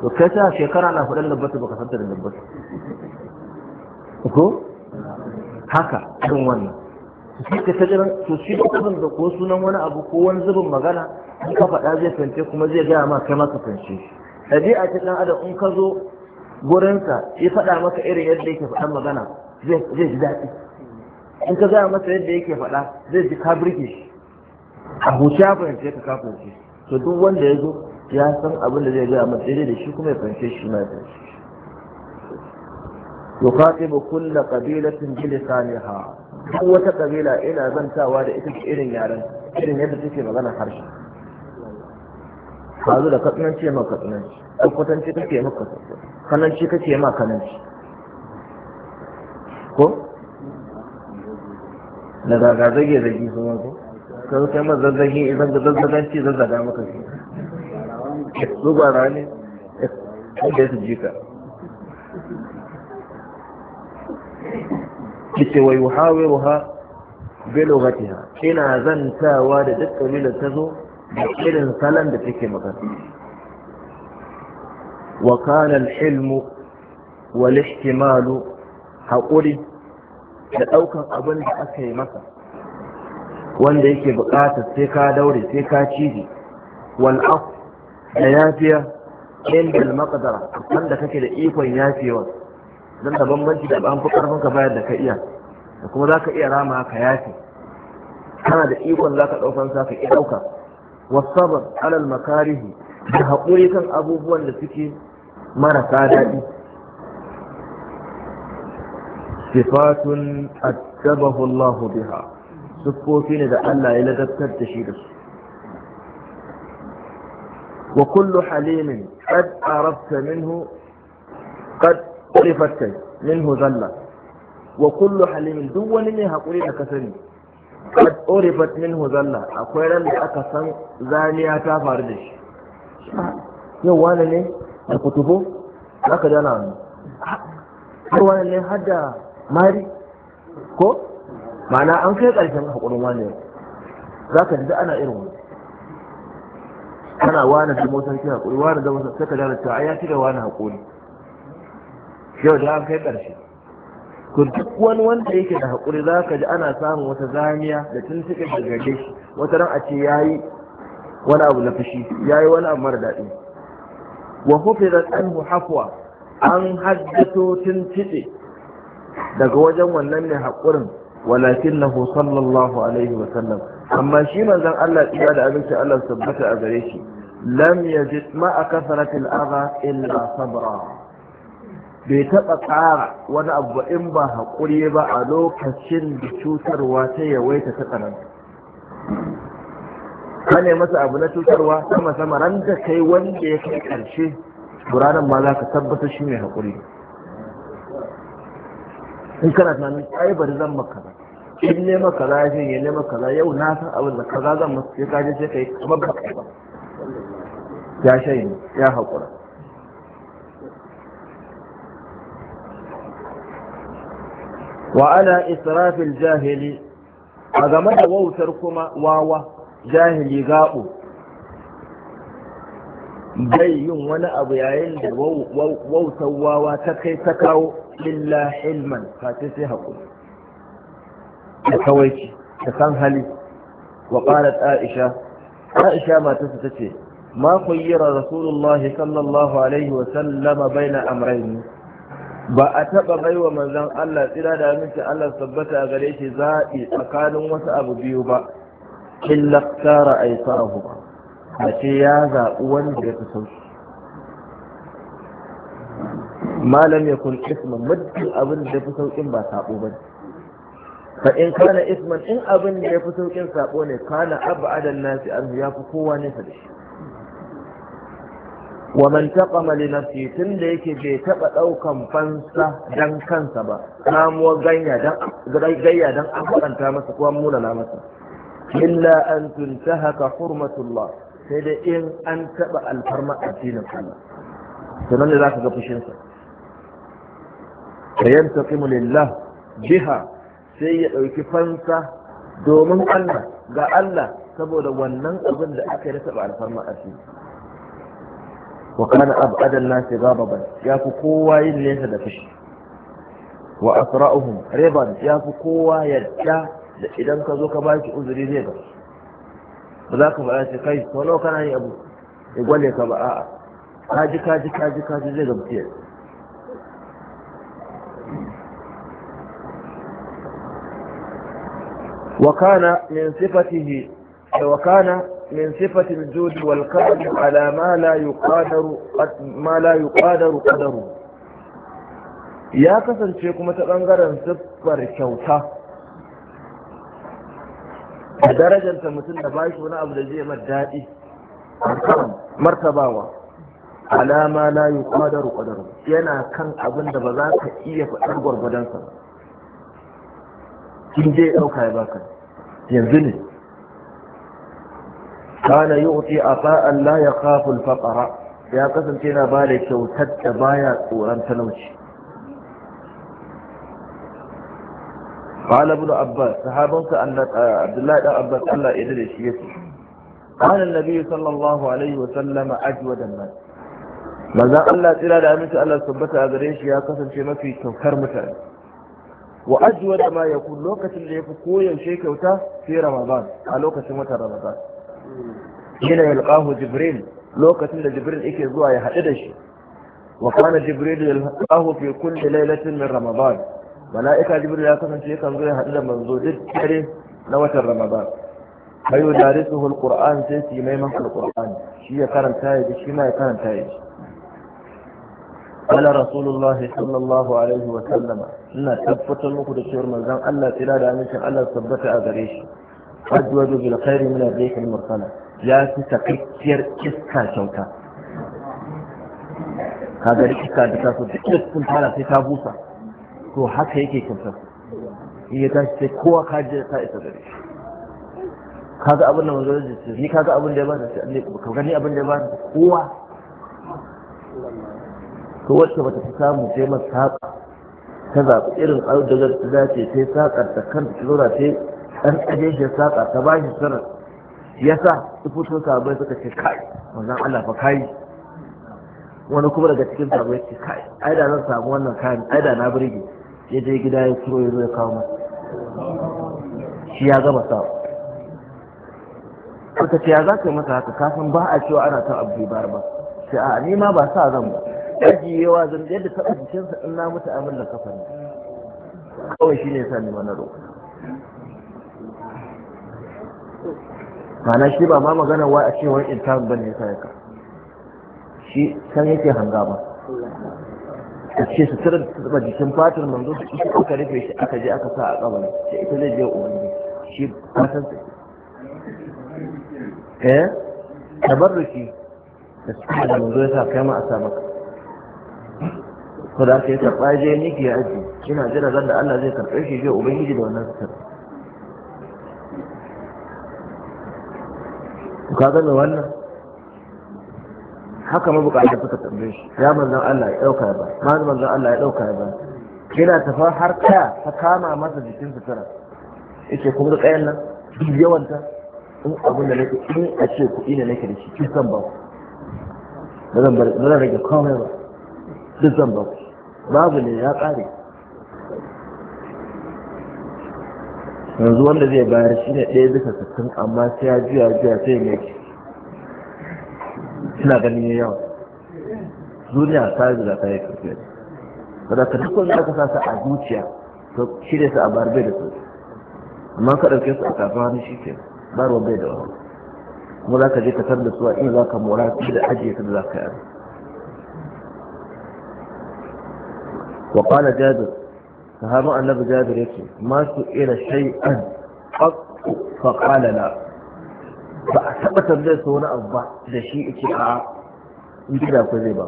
Speaker 1: to kai ta shekara na faɗin ba baka san ta da lubbatu ko haka irin wannan ka ta tajiran to shi kuɗin da ko sunan wani abu ko wani zubin magana in ka faɗa zai fance kuma zai gaya ma kai maka fance ɗabi'a ta ɗan adam in ka zo gurinsa ya faɗa maka irin yadda yake faɗan magana zai ji daɗi in ka gaya masa yadda yake faɗa zai ji ka birge shi a huce ya fahimce ka ka fahimce to duk wanda ya zo ya san abin da zai gaya masa daidai da shi kuma ya fahimce shi ma ya fahimce kulla كل قبيلة بلسانها duk wata kabila ina zantawa da ita irin yaren irin yadda take magana harshe kazu da katsinanci ma katsinanci ɗaukatanci kake ma kananci kake ma kananci ko da gaga zage zage su ma ko kan kai ma zazzage idan da zazzaganci zazzaga maka shi zugwara ne wanda ya su jika yace wa yuhawiruha bi lughatiha ina zantawa da duk kabilar tazo zo da irin salon da take magana wa kana al-hilmu wal ihtimalu haƙuri da daukan abin da aka yi masa wanda yake buƙatar sai ka daure sai ka cije wal af da yafiya inda al-maqdara wanda kake da ikon yafewa don da bambanci da ban fi karfin ka bayar da ka iya da kuma za ka iya rama ka yafi kana da ikon za ka ɗaukan sa ka iya ɗauka wasabar alal makarihi da haƙuri kan abubuwan da suke marasa daɗi sifatun addabahu Allah biha siffofi ne da Allah ya ladabtar da shi da su wa kullu halimin qad arabta minhu qad ƙurifar kai min huzalla wa kullu halimin duk wani ne haƙuri da kasani? sani kad ƙurifar min huzalla akwai ran da aka san zaniya ta faru da shi yau wani ne da kutubo za ka dana wani har wani ne har da mari ko ma'ana an kai ƙarshen haƙurin wani za ka ji ana irin wani kana wani da motar ke haƙuri wani da motar sai ka dana cewa ai ya ci wani haƙuri yau da an kai ƙarshe to duk wani wanda yake da haƙuri za ka ji ana samun wata zaniya da tun suke daga shi wata ran a ce ya yi wani abu na fushi ya yi wani abu mara daɗi wa hufizat anhu hafwa an haddato tun tiɗe daga wajen wannan ne haƙurin walakin na sallallahu alaihi wa sallam amma shi manzon Allah tsira da abinci Allah tabbata a gare shi lam yajid ma'a kasratil adha illa sabra bai taɓa ƙara wani abu in ba haƙuri ba a lokacin da cutarwa ta yawaita ta tsananta ka ne masa abu na cutarwa sama sama ran da kai wanda ya kai ƙarshe turanin ma za ka tabbatar shi mai haƙuri in kana tunanin ai bari zan maka ba in ne maka za shi ya ne maka za yau na san abin da kaza zan masu ya ka je sai kai ka ba ya shayi ya haƙura wa ala israfil jahili a game da wautar kuma wawa jahili gaɓo bai yin wani abu yayin da wautar wawa ta kai ta kawo illa ilman fata sai haƙuri da kawaici da san hali wa aisha aisha matarsa ta ce ma kuyyira rasulullahi sallallahu alaihi wasallama bai na amraini ba a taɓa baiwa manzon Allah tsira da aminci Allah tabbata a gare shi zaɓi tsakanin wasu abu biyu ba
Speaker 2: illa tsara a yi ba
Speaker 1: a ce ya zaɓi wanda ya fi sauki malam ya kun isma muddin abin da ya fi sauƙin ba saɓo ba fa in kana isman in abin da ya fi sauƙin saɓo ne kana abu adan nasi an ya fi kowa nesa da shi wa man taqama li tun tunda yake bai taba daukan fansa dan kansa ba namuwa ganya dan gayya dan an faranta masa ko muna na masa illa an tuntahaka hurmatullah sai da in an taba alfarma addinin Allah to nan ne zaka ga fushin sa fayantaqimu lillah biha sai ya dauki fansa domin Allah ga Allah saboda wannan abin da aka yi taba alfarma addinin wa kana abadan nasi gababan ya fi kowa yin nesa da fushi wa asra'uhum riban ya fi kowa yadda da idan ka zo ka ba shi uzuri zai ba ba za ka faɗa shi kai to nawa kana yi abu ya gwale ka ba a'a kaji kaji kaji kaji zai gamsu yadda wa kana min sifatihi wa kana من صفة الجود والقدر على ما لا ya kasance kuma ta ɓangaren siffar kyauta da darajarta mutum da bashi wani abu da zai mai daɗi martabawa alama la yi kwadaru yana kan abin da ba za ka iya faɗar gwargwadonsa ba kin je ɗauka ya baka yanzu ne kana yu'ti afa'an la yakhafu al-faqra ya kasance yana ba da kyautar da baya tsoron talauci قال ابن عباس صحابك أن عبد الله بن عباس الله يدري شيء قال النبي صلى الله عليه وسلم أجود الناس ماذا الله تعالى لا أمس ألا ثبت أدريش يا قسم شيء ما في كوكر مثلا وأجود ما يكون لوكة اللي يكون كويا وشيء كوتا في رمضان على لوكة متى رمضان hina yalqahu jibril lokacin da jibril yake zuwa ya haɗu da shi wa kana jibril yalqahu fi kulli lailatin min ramadan mala'ika jibril ya kasance yakan zo ya haɗu da manzo duk dare na watan ramadan bai wa darisuhu alquran sai su yi maimakon alquran shi ya karanta ya shi ma ya karanta ya ji قال رسول الله صلى الله عليه وسلم إن تثبت المكو دكتور مزان ألا تلا دامنش ألا تثبت أغريش أجود بالخير من الريح المرسلة ya fi sakakkiyar iska kyauta
Speaker 2: ka gari iska da ta
Speaker 1: so duk sun fara sai ta busa to haka yake kyautar in ya tashi sai kowa ka je ta isa gari ga abin da wanzu da ce ni ga abin da ya da shi ne ka gani abin da ya da kowa to wacce bata fi samu sai ma saƙa ta zaɓi irin ƙarfi da ta dace sai saƙar ta kanta ta zura sai ɗan ƙaje shi saƙa ta ba shi sarar ya sa sufutun sabai suka ce kai manzan Allah fa kai wani kuma daga cikin sabai ce kai ai da zan samu wannan kayan ai da na burge ya je gida ya turo ya zo ya kawo masa shi ya gama sa suka ce ya za ka yi masa haka kafin ba a cewa ana ta abu bar ba sai a ni ma ba sa zan ba ajiyewa zan yadda taɓa jikinsa in na mutu amin da kafa ne kawai shi ne sa ni mana roƙa mana shi ba ma magana wa a cewar intan ba ne ka shi san yake hanga ba a ce su tsirar da jikin fatar manzo su ita aka rufe shi aka je aka sa a kabari ce ita zai je umarni shi fatan sa eh tabarruki da shi da manzo ya sa kai ma a sa maka ko da aka yi karɓa je ni ke aji ina jira zan da Allah zai karɓe shi je ubangiji da wannan sarki ka gane wannan haka mabukata suka tambaye shi ya manzan Allah ya dauka ba ma manzan Allah ya dauka ba yana tafa har kaya ta kama masa jikin sutura yace kun ga kayan nan duk yawanta in abin da nake in a ce kuɗi ne nake da shi kin zan ba ba zan rage komai ba duk zan ba babu ne ya ƙare yanzu wanda zai bayar shi ne ɗaya bisa sassan amma sai ya juya juya sai ya mai suna ganin yawa duniya ta riga ta yi karfiya kada ka duk wanda aka sasa a zuciya to shirya su a bai da su amma ka ɗauke su a kafin hannu shi ke wa bai da wani kuma za ka je ka tar da su a in za ka mora su da ajiye su da za ka yi wa qala jabir sahabin annabi jabir yake ma su ila shay'an fa qala la ba a taba tambayar su wani abu ba da shi yake a in ji da zai ba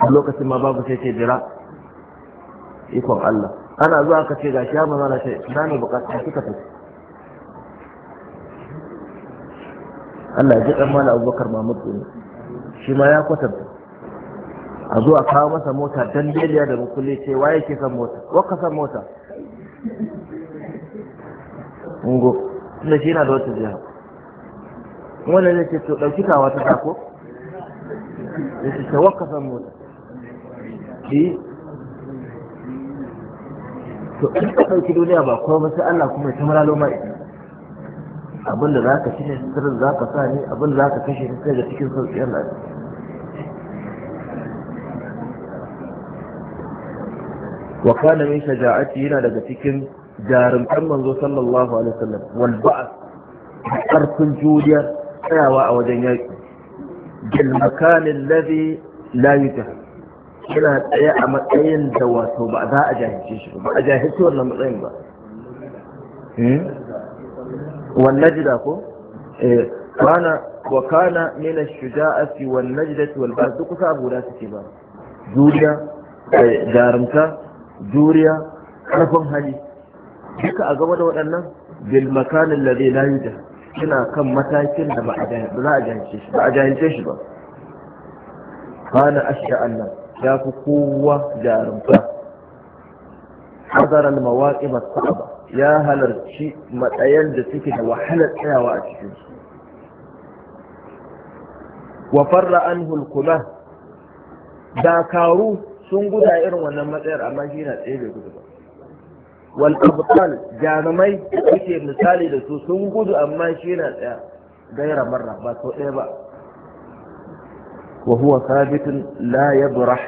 Speaker 1: a lokacin ma babu sai ce jira ikon Allah ana zuwa ka ce gashi ya maza na ce na ne bukata kika tafi Allah ya ji ɗan mala abubakar mahmud ne. shi ma ya kwatanta a zo a kawo masa mota dan deliya da mukulli ce wa yake san mota waka san mota ungo tunda shi yana da wata jiya wanda zai ce to ɗauki ta sako ya ce ta waka san mota shi to in ka ɗauki duniya ba kuma sai Allah kuma ya tamaralo ma abin da za ka shi ne sirrin za ka sa ne abin da za ka kashe ne sai da cikin sauƙi Allah وكان من شجاعتي هنا لذلك جار محمد صلى الله عليه وسلم والبعث حرف جوليا حياوة وجنيك بالمكان الذي لا يجهد إلى أي أمتين دواته بعد أجاهزه بعد أجاهزه ولا مطعم بعد والنجد أخو إيه. كان وكان من الشجاعة والنجدة والبعض دقصة أبو لا تتبع جوليا إيه، دارمتا juriya ƙarfin hali duka a gaba da waɗannan bil makanin la suna kan matakin da ba a jahince shi ba a jahilce shi ba Allah ya fi kowa jarumta hazara mawaƙi masu as ya halarci matsayan da suke da wahalar tsayawa a cikin su wa farra anhu al dakaru sun guda irin wannan matsayar amma shi na tsaye bai gudu ba wal abtal jarumai suke misali da su sun gudu amma shi na tsaya gaira marra ba sau ɗaya ba wa huwa sabitun la yabrah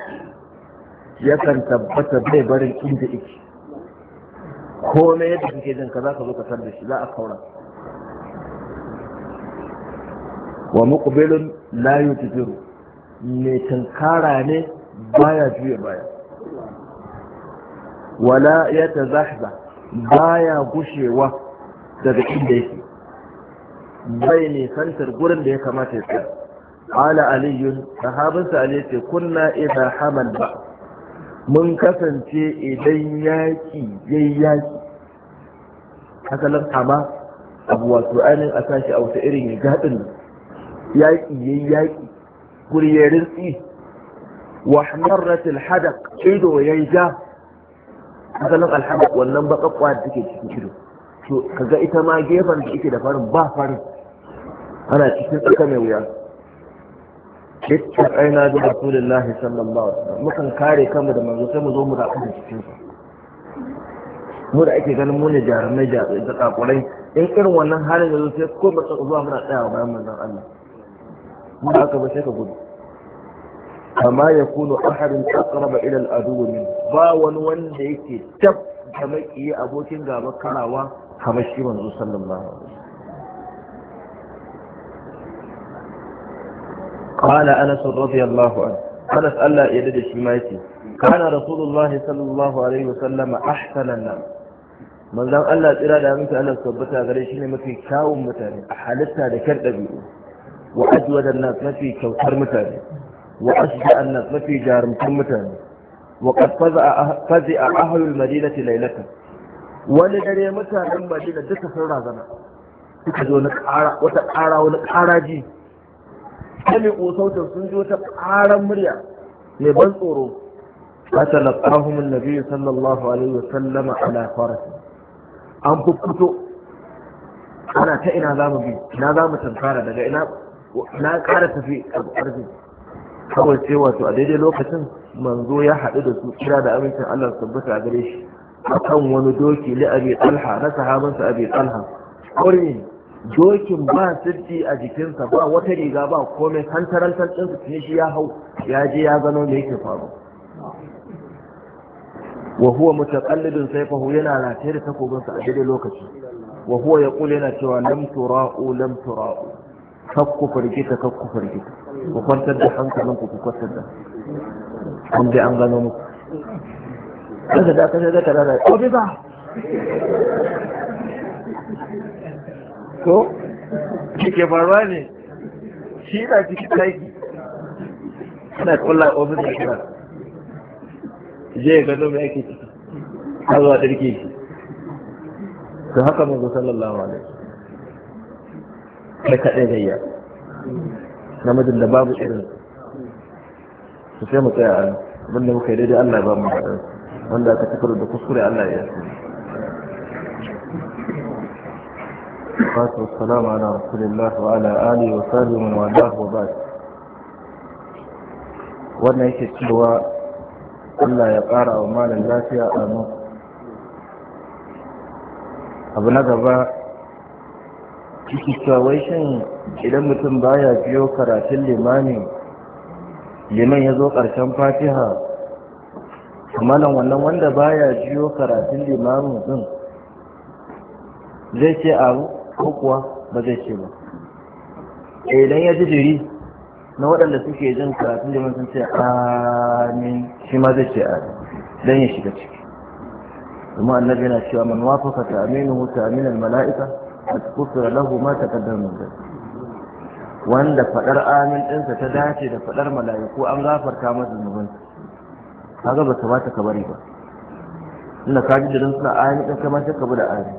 Speaker 1: yakan tabbata bai barin inda yake na yadda kake jin ka zaka zo ka tar da shi za a kaura wa muqbilun la mai mai tunkara ne baya juya baya wala ya zahza baya gushewa daga inda yake bai nisantar gurin da ya kamata ya tsaya ala aliyun sa ali ce kunna idza hamal ba mun kasance idan yaki yayi yaki asalin hama abu wato ainihin a sashi a wata irin gadin yaki yayi yaki guri ya tsi wa hamarrat alhadaq ido yayi ja asalin alhadaq wannan bakakwa da take cikin ido to kaga ita ma gefen da yake da farin ba farin ana cikin tsaka mai wuya ita aina da rasulullahi sallallahu alaihi wasallam mukan kare kanmu da manzo sai mu zo mu da cikin sa mu da ake ganin mu ne jarumai jarumai da kakurai in irin wannan halin da zo sai ko ba zuwa muna tsayawa bayan manzon Allah mu da aka ba sai ka gudu amma ya kuno ahadin aqraba ila adu ba wani wanda yake tab da maki abokin gaba karawa kamar shi manzo sallallahu alaihi قال انس رضي الله عنه انس الله يدد شي كان رسول الله صلى الله عليه وسلم احسن الناس من ذا الله tsira da miki Allah tabbata gare shi ne mafi kyawun mutane a halitta da kar dabi'u wa ajwada an mafi kyautar mutane wa ashja annas mafi jarumtar mutane wa qad fazi'a ahlul madinati laylatan wani dare mutanen madina duka sun razana suka zo na ƙara wata ƙara wani ƙara ji sami sautin sun ji wata ƙaran murya mai ban tsoro fatalaqahum an-nabi sallallahu alaihi wa sallama ala farasi an fuffuto ana ta ina za mu bi ina za mu tankara daga ina na ƙara tafi ƙarfi kawai sai wato a daidai lokacin manzo ya haɗu da su kira da amincin Allah tabbata a gare shi kan wani doki li abi talha na sahabansa abi talha kawai dokin ba sirti a jikinsa ba wata riga ba komai hantarantar ɗinsa tuni shi ya hau ya je ya gano me yake faru wa huwa mutaqallidun sayfahu yana rataye da takobinsa a daidai lokaci wa huwa yaqulu yana cewa lam tura'u lam tura'u kakku firgita kakku firgita ku kwantar da hankalin ku kwantar da An bi an gano muku kada da aka da kada rana ko dai ba ko kike barwa ne shi da kike kai ana kula ofis da kira je gano me ake ciki har zuwa to haka manzo sallallahu alaihi kai kaɗai gayya namijin da babu irin su sai mu tsaya an wanda muka yi daidai Allah ba mu haɗa wanda aka tafar da kuskure Allah ya yi Fatu salama ala Rasulillah wa ala alihi wa sahbihi wa wala wa ba'd. Wannan yake cewa Allah ya ƙara wa malam lafiya a abu na gaba ciki cewa shin idan mutum baya biyo karatun limani liman ya zo ƙarshen fatiha malam wannan wanda baya biyo karatun limamin din zai ce abu ko kuwa ba zai ce ba eh, idan ya ji jiri na waɗanda suke jin karatun liman sun ce amin shi ma zai ce amin dan ya shiga ciki kuma annabi yana cewa man wafaka ta aminu ta aminan mala'ika kusura lahu ma taqaddama min wanda faɗar amin ɗinsa ta dace da fadar mala'iku an gafarta masa zunuban kaga ba ta bata ka bari ba inda ka ji da suna amin ɗin kamar sai ka bude da amin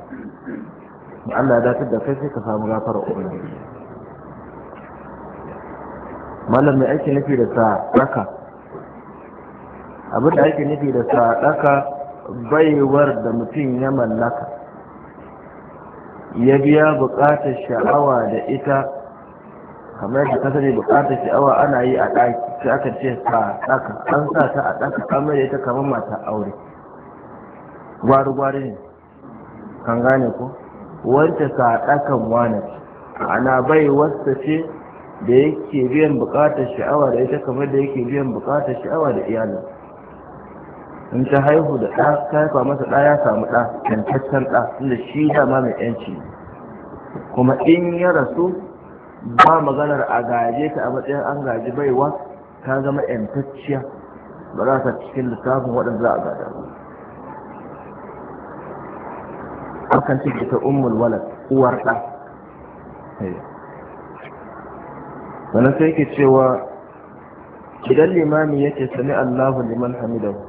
Speaker 1: Allah ya dace da kai sai ka samu gafara ubangiji malam mai ake nufi da sadaka abin da ake nufi da sadaka baiwar da mutum ya mallaka ya biya buƙatar sha'awa da ita kamar da kasar buƙatar sha'awa ana yi a ɗaki sai aka ce sa ɗaka an sa ta a ɗaka an mai ita kamar mata aure gwari-gwari ne kan gane ko wanda sa ɗakan wane ana bai wasta ce da yake biyan buƙatar sha'awa da ita kamar da yake biyan buƙatar sha'awa da iyalin in ta haihu da ɗa ta haifa masa ɗa ya samu ɗa yankaccen ɗa inda shi dama mai yanci kuma in ya rasu ba maganar a gaje ta a matsayin an gaji baiwa ta zama yantacciya ba za ta cikin littafin waɗanda za a gada akan ce ta ummul walad uwar ɗa eh. sannan sai ke cewa idan limami yake sami Allahu liman hamidahu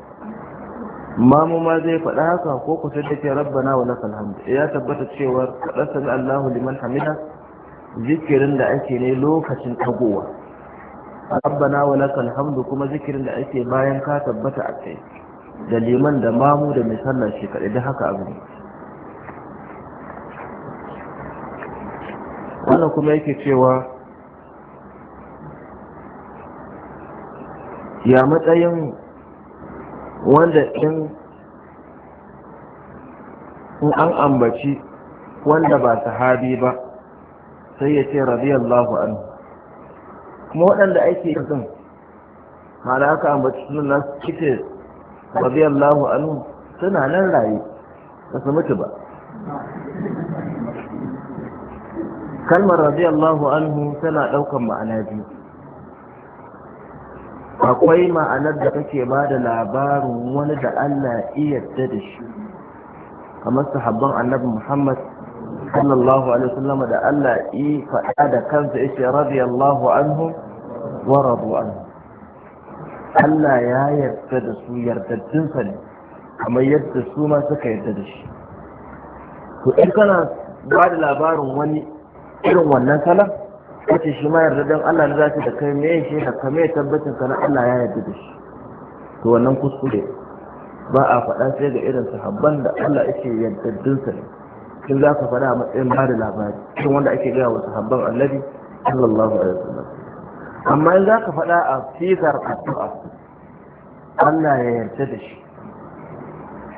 Speaker 1: mamu ma zai faɗa haka ko ku sai take rabbana wa lakal hamd ya tabbata cewa qadasa Allahu liman hamida zikirin da ake ne lokacin tagowa rabbana wa lakal hamd kuma zikirin da ake bayan ka tabbata a kai da liman da mamu da mai shi kaɗai da haka abu ne wannan kuma yake cewa ya matsayin wanda in in an ambaci wanda ba sahabi ba sai ya ce radiyallahu anhu kuma waɗanda ake yi din ma'ana aka ambaci sunan nasu kike radiyallahu anhu suna nan raye ba su mutu ba kalmar radiyallahu anhu tana ɗaukan ma'ana biyu akwai ma'anar da kake ba da labarin wani da Allah iya da shi kamar sahabban annabi Muhammad sallallahu alaihi wasallam da Allah i faɗa da kansa yace radiyallahu anhu wa radu anhu Allah ya yarda da su yardaddin sa ne kamar yadda su ma suka yarda da shi to in kana ba da labarin wani irin wannan salam wace shi ma yarda dan Allah ne zaki da kai me shi da kame tabbatin kana na Allah ya yarda da shi to wannan kuskure ba a faɗa sai ga irin sahabban da Allah yake yarda sa ne kin za ka faɗa a matsayin ba da labari kin wanda ake gaya wa sahabban annabi sallallahu alaihi wasallam amma in za ka faɗa a fitar addu'a Allah ya yarda da shi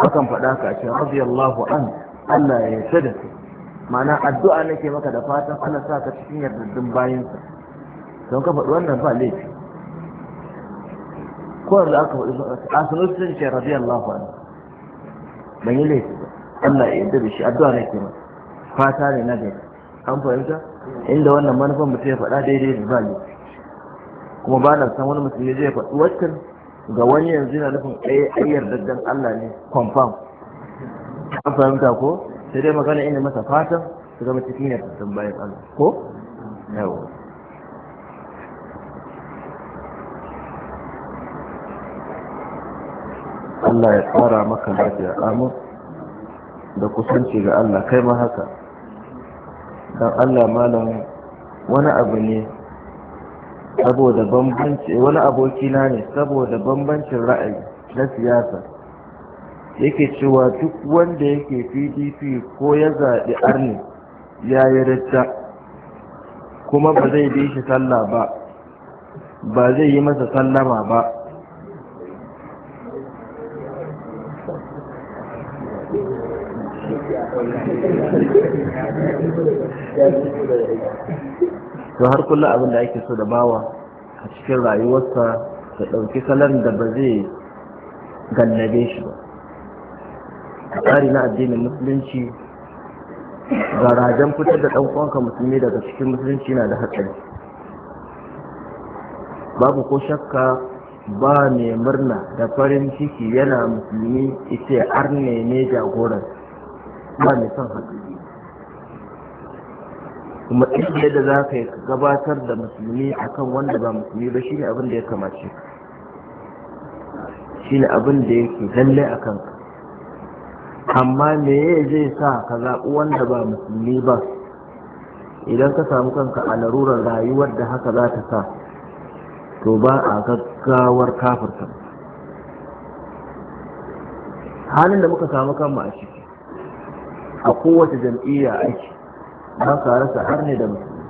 Speaker 1: akan faɗa ka a ce radiyallahu an Allah ya yarda da kai ma'ana addu'a nake maka da fatan ana sa ka cikin yardaddun bayansa don ka faɗi wannan ba laifi kowar da aka faɗi a sunu sun ce radiyallahu anhu ban yi laifi ba Allah ya yarda da shi addu'a nake maka fata ne na gari an fahimta inda wannan manufan mutum ya faɗa daidai da ba laifi kuma ba na san wani ya zai faɗi waccan ga wani yanzu yana nufin ɗaya eh, ayyar daddan Allah ne confirm an fahimta ko sai dai magana ina masa fatan su zama cikin ne tattun bayan Allah ko yawo Allah ya tsara maka lafiya amin da kusanci ga Allah kai ma haka don Allah malam wani abu ne saboda bambanci wani abokina ne saboda bambancin ra'ayi na siyasa yake cewa duk wanda yake pdp ko ya zaɓi arni ya yi rita kuma ba zai bi shi talla ba ba zai yi masa sallama ba to har kula abin da ake so da bawa a cikin rayuwarsa da ɗauki salon da ba zai gallabe shi ba tsari na addinin musulunci garajen fitar da ɗan kwanka musulmi daga cikin musulunci na da hatsari babu ko shakka ba mai murna da farin ciki yana musulmi ita arne ne jagoran ba mai son haka kuma yadda za ka yi gabatar da musulmi akan wanda ba musulmi ba shine abin da ya kamace shine abin da yake lalle a kanka amma me zai sa ka zaɓi wanda ba musulmi ba idan ka samu kanka a larurar rayuwar da haka za ta sa to ba a gaggawar kafirta halin da muka samu kanmu a ciki a kowace jam'iyya aiki ba ka rasa har ne da musulmi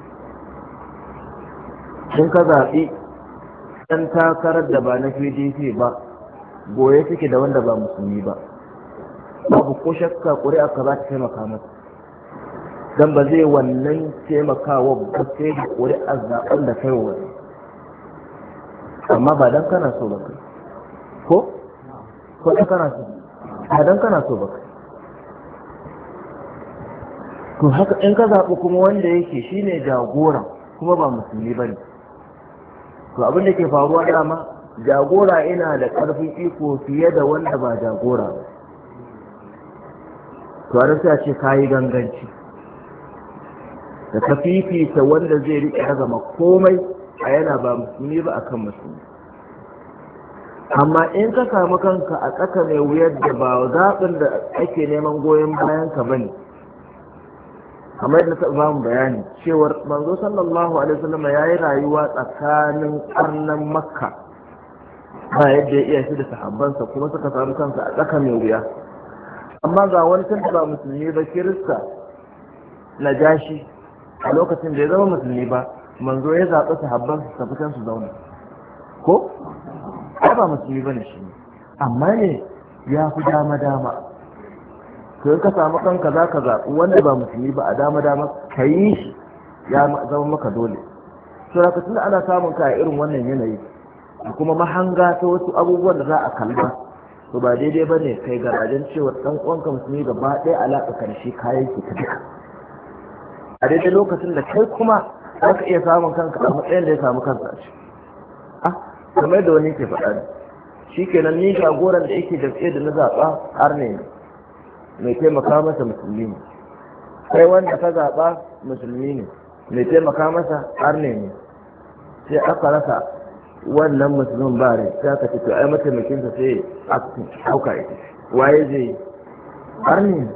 Speaker 1: in ka zaɓi ɗan takarar da ba na pdp ba goye suke da wanda ba musulmi ba babu ko shakka ƙuri'a ka za ta taimaka masa, don ba zai wannan taimakawa ba sai da ƙuri'a zaɓen da kai wani amma ba dan kana so ba kai ko ko dan kana so ba don kana so ba kai to haka in ka zaɓi kuma wanda yake shine jagora kuma ba musulmi ba ne to abin da ke faruwa dama jagora ina da ƙarfin iko fiye da wanda ba jagora ba to a sai a ce ka ganganci da ka fifita wanda zai riƙe zama komai a yana ba musulmi ba akan musulmi amma in ka samu kanka a tsaka mai wuyar da ba zaɓin da ake neman goyon bayan ka bane kamar yadda ta ba mu bayani cewar manzo sallallahu alaihi wasallam ya yi rayuwa tsakanin ƙarnan makka ba yadda ya iya shi da sahabbansa kuma suka samu kansa a tsaka mai wuya amma ga wani tun ba musulmi ba kirista na jashi a lokacin da ya zama musulmi ba manzo ya su habban su tafi can su zauna ko ai ba musulmi ba ne shi ne? amma ne ya fi dama dama to ka samu kanka za ka zaɓi wanda ba musulmi ba a dama dama ka yi shi ya zama maka dole saboda tunda ana samun ka a irin wannan yanayi kuma mahanga ta wasu abubuwan da za a kalma. to ba daidai ba ne kai garajen cewa ɗan uwanka musulmi gaba ɗaya alaƙa ƙarshe, kayan ki ta duka a daidai lokacin da kai kuma za ka iya samun kanka a matsayin da ya samu kanka a ciki ah kamar da wani ke faɗa ne shi kenan ni jagoran da yake jam'iyyar da na zaɓa har ne mai taimaka masa musulmi ne kai wanda ka zaɓa musulmi ne mai taimaka masa ne ne sai aka rasa wannan musulmin ba rai ta aka ce to ai sa sai a hauka ita waye zai arni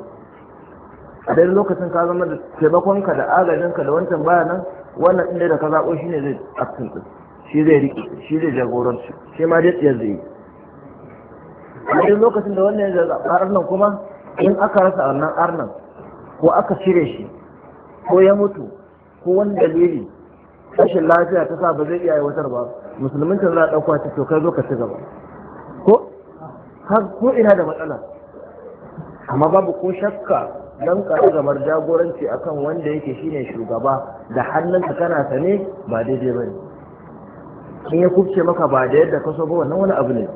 Speaker 1: a dai lokacin ka zama da taimakonka da agajinka da wancan baya nan wannan inda da ka zaɓo shi ne zai aksin ɗin shi zai riƙe shi zai jagoranci shi ma dai tsiyar zai yi a dai lokacin da wannan ya zaɓa arnan kuma in aka rasa wannan arnan ko aka cire shi ko ya mutu ko wani dalili rashin lafiya ta sa ba zai iya aiwatar ba musulmin ta za a ɗauka ta kai zo ka ci gaba ko ko ina da matsala amma babu ko shakka don dan gamar jagoranci akan wanda yake shine shugaba da hannunka kana sane ba daidai ba ne in ya kubce maka ba da yadda ka so ba wannan wani abu ne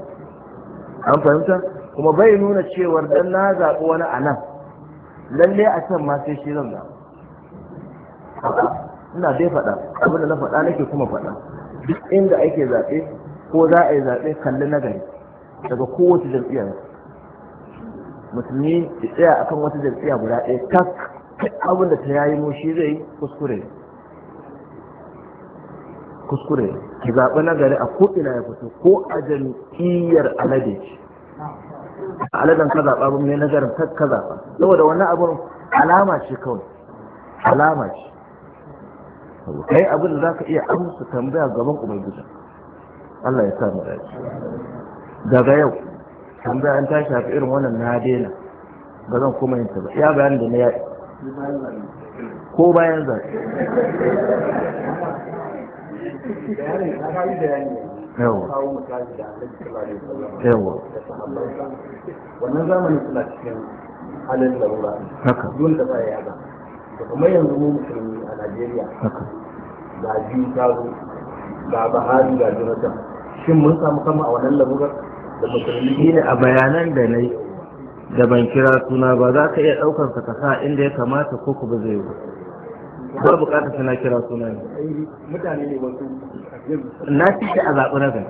Speaker 1: an fahimta kuma bai nuna cewar dan na zaɓi wani a nan lalle a can ma sai shi zan ina dai faɗa abinda na faɗa nake kuma faɗa duk inda ake zaɓe ko za a yi zaɓe kalli na gari daga kowace jam'iyyar mutumi ya tsaya akan wata jam'iyya guda ɗaya tak abin da ta yayi moshi zai kuskure kuskure ki zaɓi na gari a ko'ina ya fito ko a jam'iyyar alade a aladen ka zaɓa ba mai nazarin ka zaɓa saboda wani abin alama ce kawai alama ce kai abin da za ka iya amsa tambaya gaban ubangiji Allah ya sa mu dace daga yau tambaya an tashi haka irin wannan na daina ba zan kuma yin ta ba ya bayan da na ya
Speaker 3: ko bayan za yawa yawa wannan zamani suna cikin halin larura haka dole da baya ya Da kuma yanzu mu musulmi a najeriya ga biyu ta zo ga bahari ga jonathan shin mun samu kama a wannan larurar da musulmi ne a bayanan
Speaker 1: da na da ban kira suna ba za ka iya ɗaukar sa ka sa inda ya kamata ko ku ba zai yi ba bukatar suna kira suna ne
Speaker 3: mutane ne wasu na fi a zaɓi na gani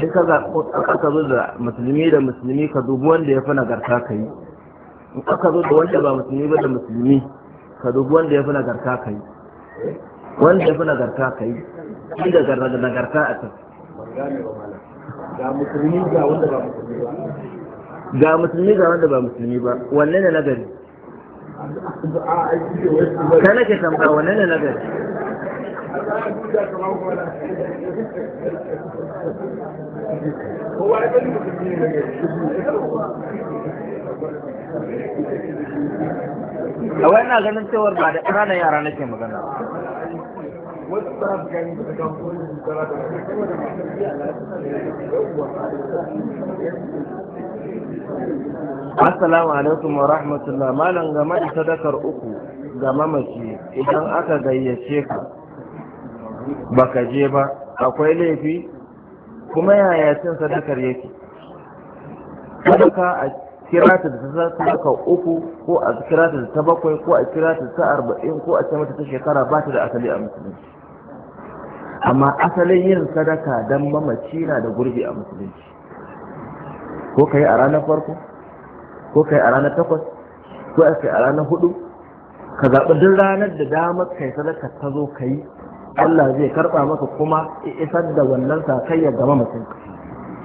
Speaker 1: sai ka zaɓi aka zo musulmi da musulmi ka dubi wanda ya fi nagarta ka yi in aka zo da wanda ba musulmi ba da musulmi ka dubi wanda ya fi nagarta ka yi wanda ya fi nagarta ka yi shi da nagarta a can ga musulmi ga wanda ba musulmi ba wanne ne nagari
Speaker 2: ka nake tambaya wanne ne nagari
Speaker 3: kowa ya nagari
Speaker 2: a wai
Speaker 1: ganin cewar ba da ƙananan yara nake magana Assalamu alaikum wa rahmatullah malam game da sadakar uku ga mamaci idan aka gayyace ka baka je ba akwai laifi kuma yaya cin sadakar yake sadaka a kira da ta saka uku ko a kira ta da ta bakwai ko a kira ta ta arba'in ko a ce ta shekara ba ta da asali a musulunci amma asalin yin sadaka don mamaci na da gurbi a musulunci ko ka yi a ranar farko ko ka yi a ranar takwas ko ka yi a ranar hudu ka zaɓi duk ranar da damar kai sadaka ta zo ka yi Allah zai karɓa maka kuma isar da wannan sakayyar ga mamacin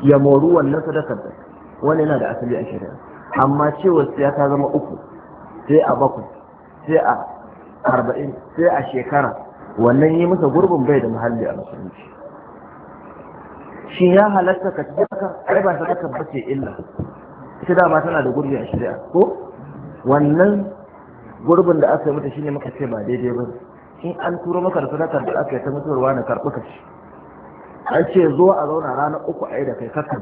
Speaker 1: ya moru wannan sadakar da wani yana da asali a shari'a amma cewa siya ta zama uku sai a bakwai sai a arba'in sai a shekara wannan yi masa gurbin bai da muhalli a musulunci shin ya halatta ka ci haka ai ba sadaka ba ce illa ita dama tana da gurbi a shari'a ko wannan gurbin da aka yi mata shine muka ce ba daidai ba in an turo maka da sadakar da aka yi ta mutuwarwa na karɓi ka ci an ce zo a zauna ranar uku a yi da kai kakan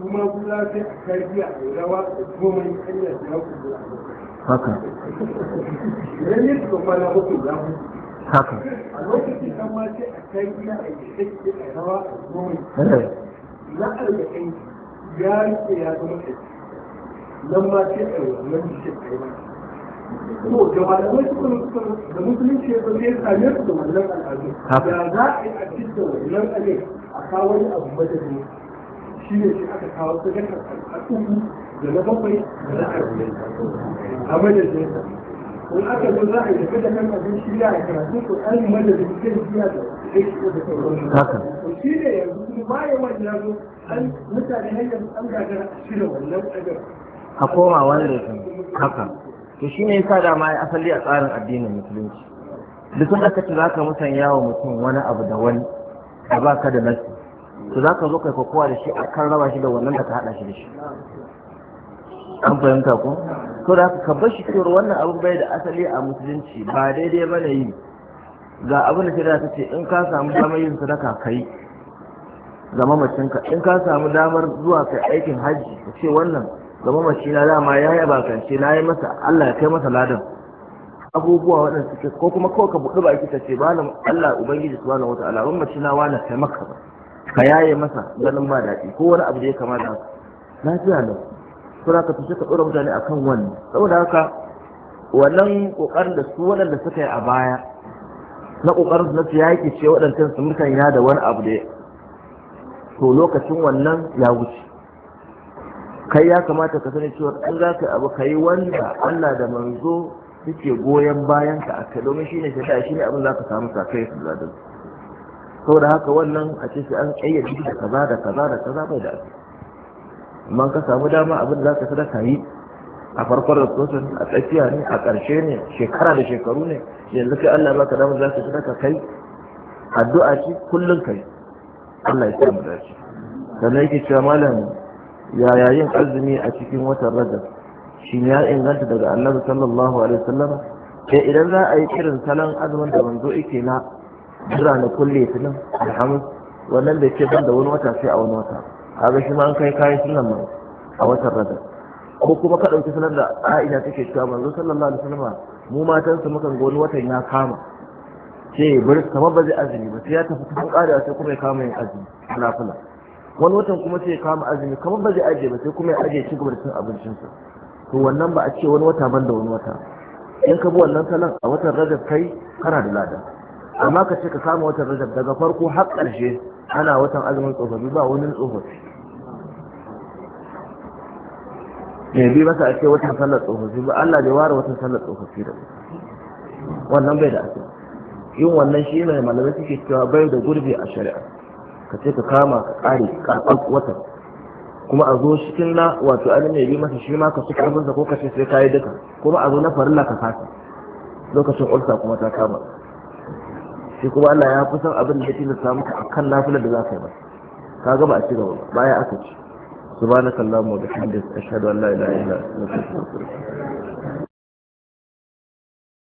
Speaker 3: kuma kula ta karfiya rawa goma ne hanyar da ya kudu haka idan ne suka kwana uku ya mutu haka a lokacin an ma ce a karfiya a yi shakke a rawa goma ne na alƙaƙai ya rike ya zama kai nan ma ce a wannan shakke ma to da malamai suka da musulunci ya zama ya same su da wannan al'adu da za a yi a cikin wannan al'adu a kawo abu madadin shi ne shi aka kawo su sadakar al'adu da na bakwai da na arba'in a madadin sa aka zo za a yi tafi da kan abin shi ya karatu ko an da kai biya da aiki ko da sauran haka shi ne yanzu kuma bayan wani ya zo an mutane hanyar an gagara a shirya wannan tsagar
Speaker 1: a koma wanda ya haka to shi ne yasa dama ya asali a tsarin addinin musulunci duk sun aka ci za ka musanya wa mutum wani abu da wani ba ka da nasi to za ka zo kai kokowa da shi a kan raba shi da wannan da ka haɗa shi da shi an fahimta ko to da ka bar shi cewa wannan abu bai da asali a musulunci ba daidai ba yi ga abin da shari'a ta ce in ka samu damar yin sadaka kai ga mamacinka in ka samu damar zuwa kai aikin hajji ka ce wannan ga mamaci na dama ya yi bakance na yi masa Allah ya kai masa ladan abubuwa waɗanda suke ko kuma kawai ka buɗe baki ka ce malam Allah ubangiji subhanahu wataala mamaci na wani kai maka ba ka yaye masa ganin ba daɗi ko wani abu da ya kama da haka. lafiya ne ko za ka fi ka ɗora mutane a kan wannan saboda haka wannan ƙoƙarin da su waɗanda suka yi a baya na ƙoƙarin na su yaƙi ce waɗancan su mutan ya da wani abu da to lokacin wannan ya wuce kai ya kamata ka sani cewa in za ka abu ka yi wanda Allah da manzo suke goyon bayan ka a kai domin ne shi ne abin za ka samu sakai su zaɗin da haka wannan a ce an kayyade da kaza da kaza da kaza bai da asali amma ka samu dama abin da ka sadaka yi a farkon rasulun a tsakiya ne a ƙarshe ne shekara da shekaru ne yanzu kai Allah baka dama za ka sadaka kai addu'a ce kullum kai Allah ya sa mu dace sannan yake cewa malam ya yayin azumi a cikin watan rajab shin ya inganta daga annabi sallallahu alaihi wasallam ke eh, idan za a yi kirin salon azumin da manzo yake na ranakun litinin alhamis wannan da ke ban da wani wata sai a wani wata kaga shi ma an kai kayan sunan nan a watan rajab ko kuma ka ɗauki sanar da a'ina take cewa manzo sallallahu alaihi wasallam mu matan su mukan goni watan ya kama sai bari kamar ba zai azumi ba sai ya tafi cikin kada sai kuma ya kama yin azumi fula wani watan kuma sai ya kama azumi kamar ba zai ajiye ba sai kuma ya ajiye ci gaba abincin sa to wannan ba a ce wani wata ban da wani wata in ka bi wannan salon a watan rajab kai kana da lada amma ka ce ka kama watan rajab daga farko har ƙarshe ana watan azumin tsofaffi ba wani tsofaffi me bi masa a ce watan sallar tsofaffi ba Allah bai ware watan sallar tsofaffi da wannan bai da asali yin wannan shi ne malamai suke cewa bai da gurbi a shari'a ka ce ka kama ka ƙare karɓar watan kuma a zo cikin na wato an ne bi masa shi ma ka ci karfinsa ko ka ce sai ka yi duka kuma a zo na farilla ka fasa lokacin ulsa kuma ta kama shi kuma Allah ya fi san abin da ya samu a kan nafilar da za ka yi ba ka gaba a ci gaba baya aka ci subhanakallahumma wa bihamdika ashhadu an la ilaha illa anta
Speaker 2: astaghfiruka